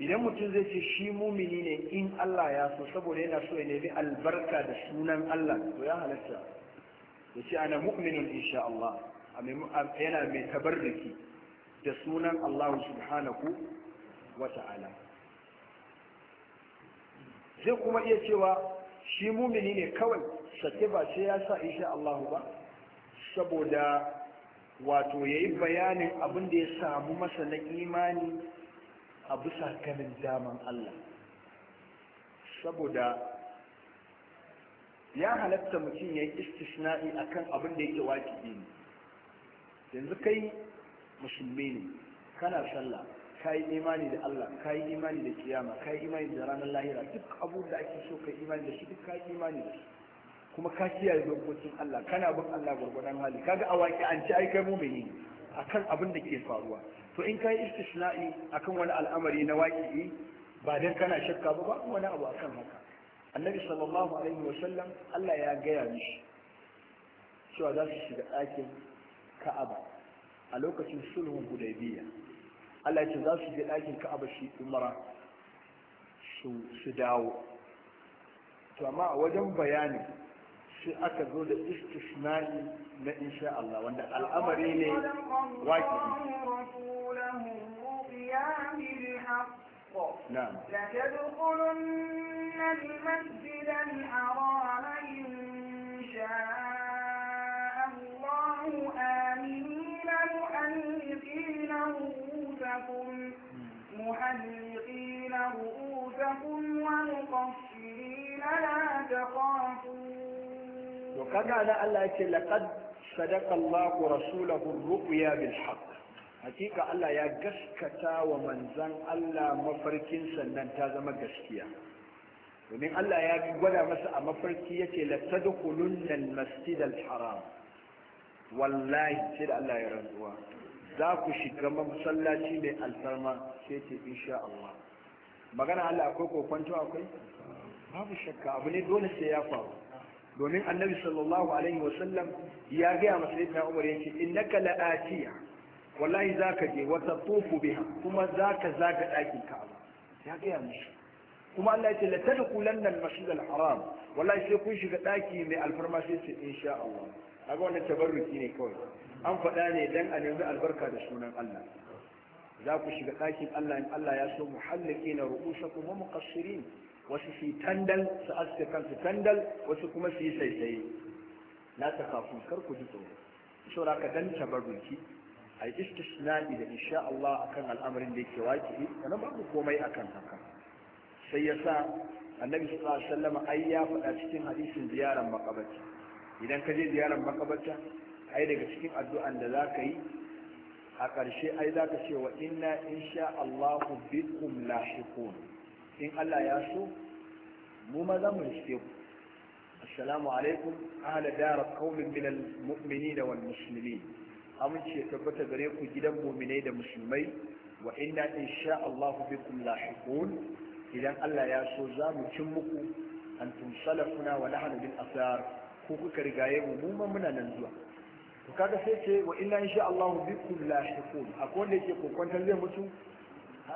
idan mutum zai ce shi mumini ne in Allah ya so saboda yana so ya nemi albarka da sunan Allah to ya halatta ya ce ana mu'minun insha Allah yana mai tabarriki da sunan Allah subhanahu wa ta'ala zai kuma iya cewa shi mumini ne kawai sake ba sai ya sa insha Allah ba saboda wato ya yi bayanin abin da ya samu masa na imani a bisa kanin daman Allah saboda ya halatta mutum ya yi istisna'i akan abin da yake wajibi ne yanzu kai musulmi ne kana sallah yi imani da Allah ka yi imani da kiyama ka yi imani da ranar lahira duk abubuwan da ake so kai imani da shi duk ka yi imani da shi kuma ka kiyaye dokokin Allah kana bin Allah gurgurdan hali kaga a waki an ci ai kai mu'mini akan abin da ke faruwa to in kai istisna'i akan wani al'amari na waki ba dan kana shakka ba ba wani abu akan haka annabi sallallahu alaihi wa sallam Allah ya gaya mishi cewa za su shiga ɗakin Ka'aba a lokacin sulhun hudaybiya Allah ce za su je ɗakin ka'aba shi umara su dawo to amma a wajen bayani shi aka zo da istisna'i na insha Allah wanda al'amari ne waƙi نعم لتدخلن المسجد الحرام إن شاء رؤوسكم محلقين رؤوسكم ومقصرين لا تخافون وقد على الله لقد صدق الله رسوله hakika Allah ya gaskata wa manzan Allah mafarkinsa nan ta zama gaskiya domin Allah ya gwada masa a mafarki yace la tadkhulunna al-masjid al-haram wallahi sai da Allah ya rantsuwa za ku shiga masallaci mai alfarma sai ce insha Allah magana Allah akwai kokwanto akwai babu shakka abu ne dole sai ya faru domin annabi sallallahu alaihi wasallam ya gaya masa yadda umar yace innaka la'atiya wallahi ka je wa tatufu biha kuma za ka zaga dakin ka'aba ya gaya mishi kuma Allah yace la tadkhulanna al-masjid al-haram wallahi sai kun shiga daki mai alfarma sai ce insha Allah kaga wannan tabarruki ne kawai an faɗa ne dan a nemi albarka da sunan Allah za ku shiga ɗakin Allah in Allah ya so muhallaki na rukusa kuma muqassirin wasu su tandal su aske kansu tandal wasu kuma su yi saisaye Na ta kafin kar ku ji tsoro saboda ka dan tabarruki a yi istisna'i da insha Allah akan al'amarin da yake waki sannan babu komai akan haka sai ya sa annabi sallallahu alaihi wasallam ai ya faɗa cikin hadisin ziyarar makabarta idan ka je ziyarar makabarta ai daga cikin addu'an da za ka yi a ƙarshe ai za ka ce wa inna insha Allahu bikum lahiqun in Allah ya so mu maza mu riske ku assalamu alaikum ahla dara qaumin min almu'minin wal muslimin amince tabbata gare ku gidan mu'minai da musulmai wa inna insha Allahu bikum lahiqun idan Allah ya so za mu cin muku antum salafuna wa nahnu bil asar ku kuka rigaye mu mu muna nan zuwa to kaga sai ce wa inna insha Allah bikum lahiqun akwai wanda yake kokwantar zai mutu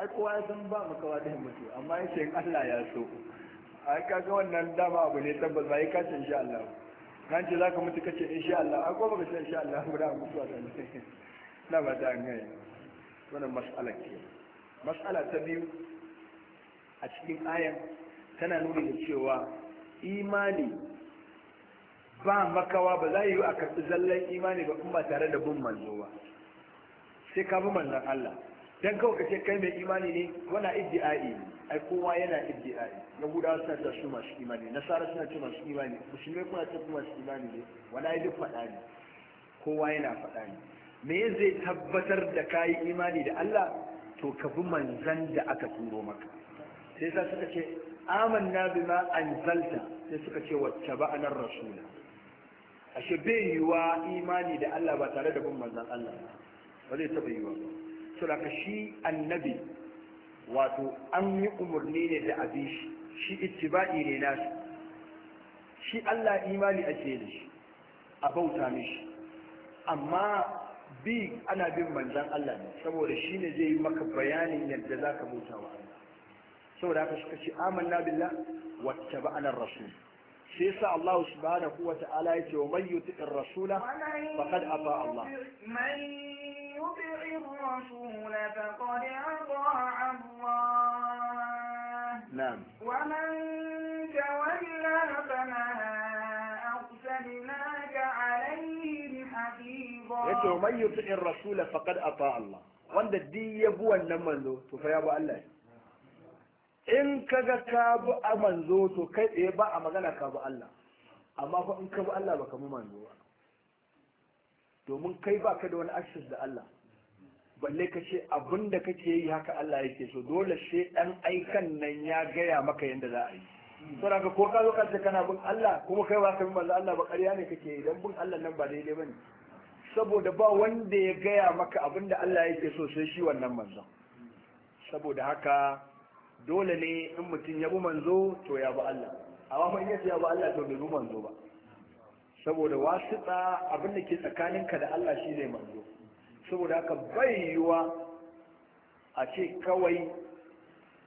ai kowa ya san ba makawa da mutu amma yake in Allah ya so ai kaga wannan dama abu ne tabbas ba yi kace insha Allah kan ce zaka mutu kace insha Allah ai ko baka ce insha Allah ba da mutu a sanin na ba da ngai wannan mas'ala ke mas'ala ta biyu a cikin ayan tana nuni da cewa imani ba makawa ba za yi a karɓi zallan imani ba kuma tare da bin manzo ba sai ka bi manzon Allah dan kawai kace kai mai imani ne wana iddi'ai ai kowa yana iddi'ai yahudawa suna ta su masu imani nasara suna ta masu imani musulmai kuma ta kuma masu imani ne wana ai duk faɗa ne kowa yana faɗa ne me zai tabbatar da kayi imani da Allah to ka bi manzan da aka turo maka sai sa suka ce amanna bima anzalta sai suka ce wacce ba'anar rasula ashe bai yiwa imani da Allah ba tare da bin manzan Allah ba zai taɓa yiwa ba saboda shi annabi wato an yi umarni ne da abin shi shi ittiba'i ne nasu shi Allah imani ake da shi a bauta mishi amma bi ana bin manzan Allah ne saboda shi ne zai yi maka bayanin yadda za ka bauta wa Allah saboda haka suka ce amanna billah wacce ba'anar rasul shi yasa Allah subhanahu wa ta'ala ya ce wa man yuti rasula faqad ata Allah man yuti rasula faqad ata Allah na'am wa man tawalla fama arsalnaka alaihim hafiza yace wa man yuti rasula faqad ata Allah wanda duk ya bi wannan manzo to fa ya bi Allah in kaga ka bi a manzo to kai tsaye ba a magana ka bi Allah amma fa in ka bi Allah baka mu manzo ba domin kai ba ka da wani access da Allah balle ka ce abin da kake yi haka Allah yake so dole sai dan aikan nan ya gaya maka yadda za a yi saboda ka ko ka zo kanka kana bin Allah kuma kai ba ka bin manzo Allah ba ƙarya ne kake yi dan bin Allah nan ba daidai bane saboda ba wanda ya gaya maka abinda da Allah yake so sai shi wannan manzon saboda haka dole ne in mutum ya bi manzo to ya bi Allah amma ban yadda ya bi Allah to bai bi manzo ba saboda wasiɗa abin da ke tsakaninka da Allah shi ne manzo saboda haka bai yiwuwa a ce kawai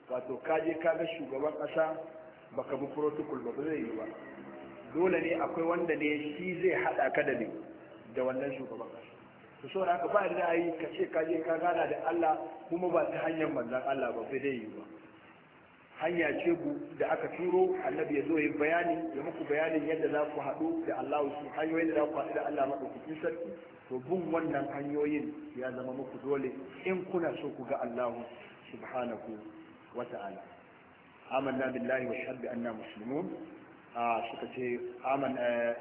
wato kaje ka ga shugaban ƙasa baka bi protocol ba zai yi ba dole ne akwai wanda ne shi zai haɗa ka da ne da wannan shugaban ƙasa to saboda haka ba da yi ka ce kaje ka gana da Allah kuma ba ta hanyar manzon Allah ba zai yi ba hanya ce ku da aka turo annabi ya zo yi bayani ya muku bayanin yadda za ku haɗu da Allah su hanyoyin da za ku haɗu da Allah maɗaukakin sarki to bin wannan hanyoyin ya zama muku dole in kuna so ku ga Allah subhanahu wa ta'ala amanna billahi wa shahadu anna muslimun a suka ce eh,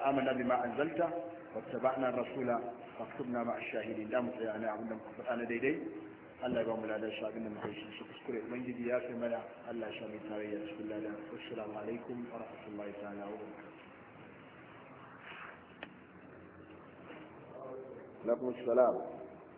amanna bima anzalta wattaba'na rasula faktubna ma'a shahidin da mu tsaya ne abin da muka faɗa na daidai Allah ba mu ladan shi abin da muka yi shi kuskure ubangiji ya kai mana Allah shi mai tarayya cikin ladan assalamu alaikum wa rahmatullahi ta'ala wa barakatuh alaikum assalam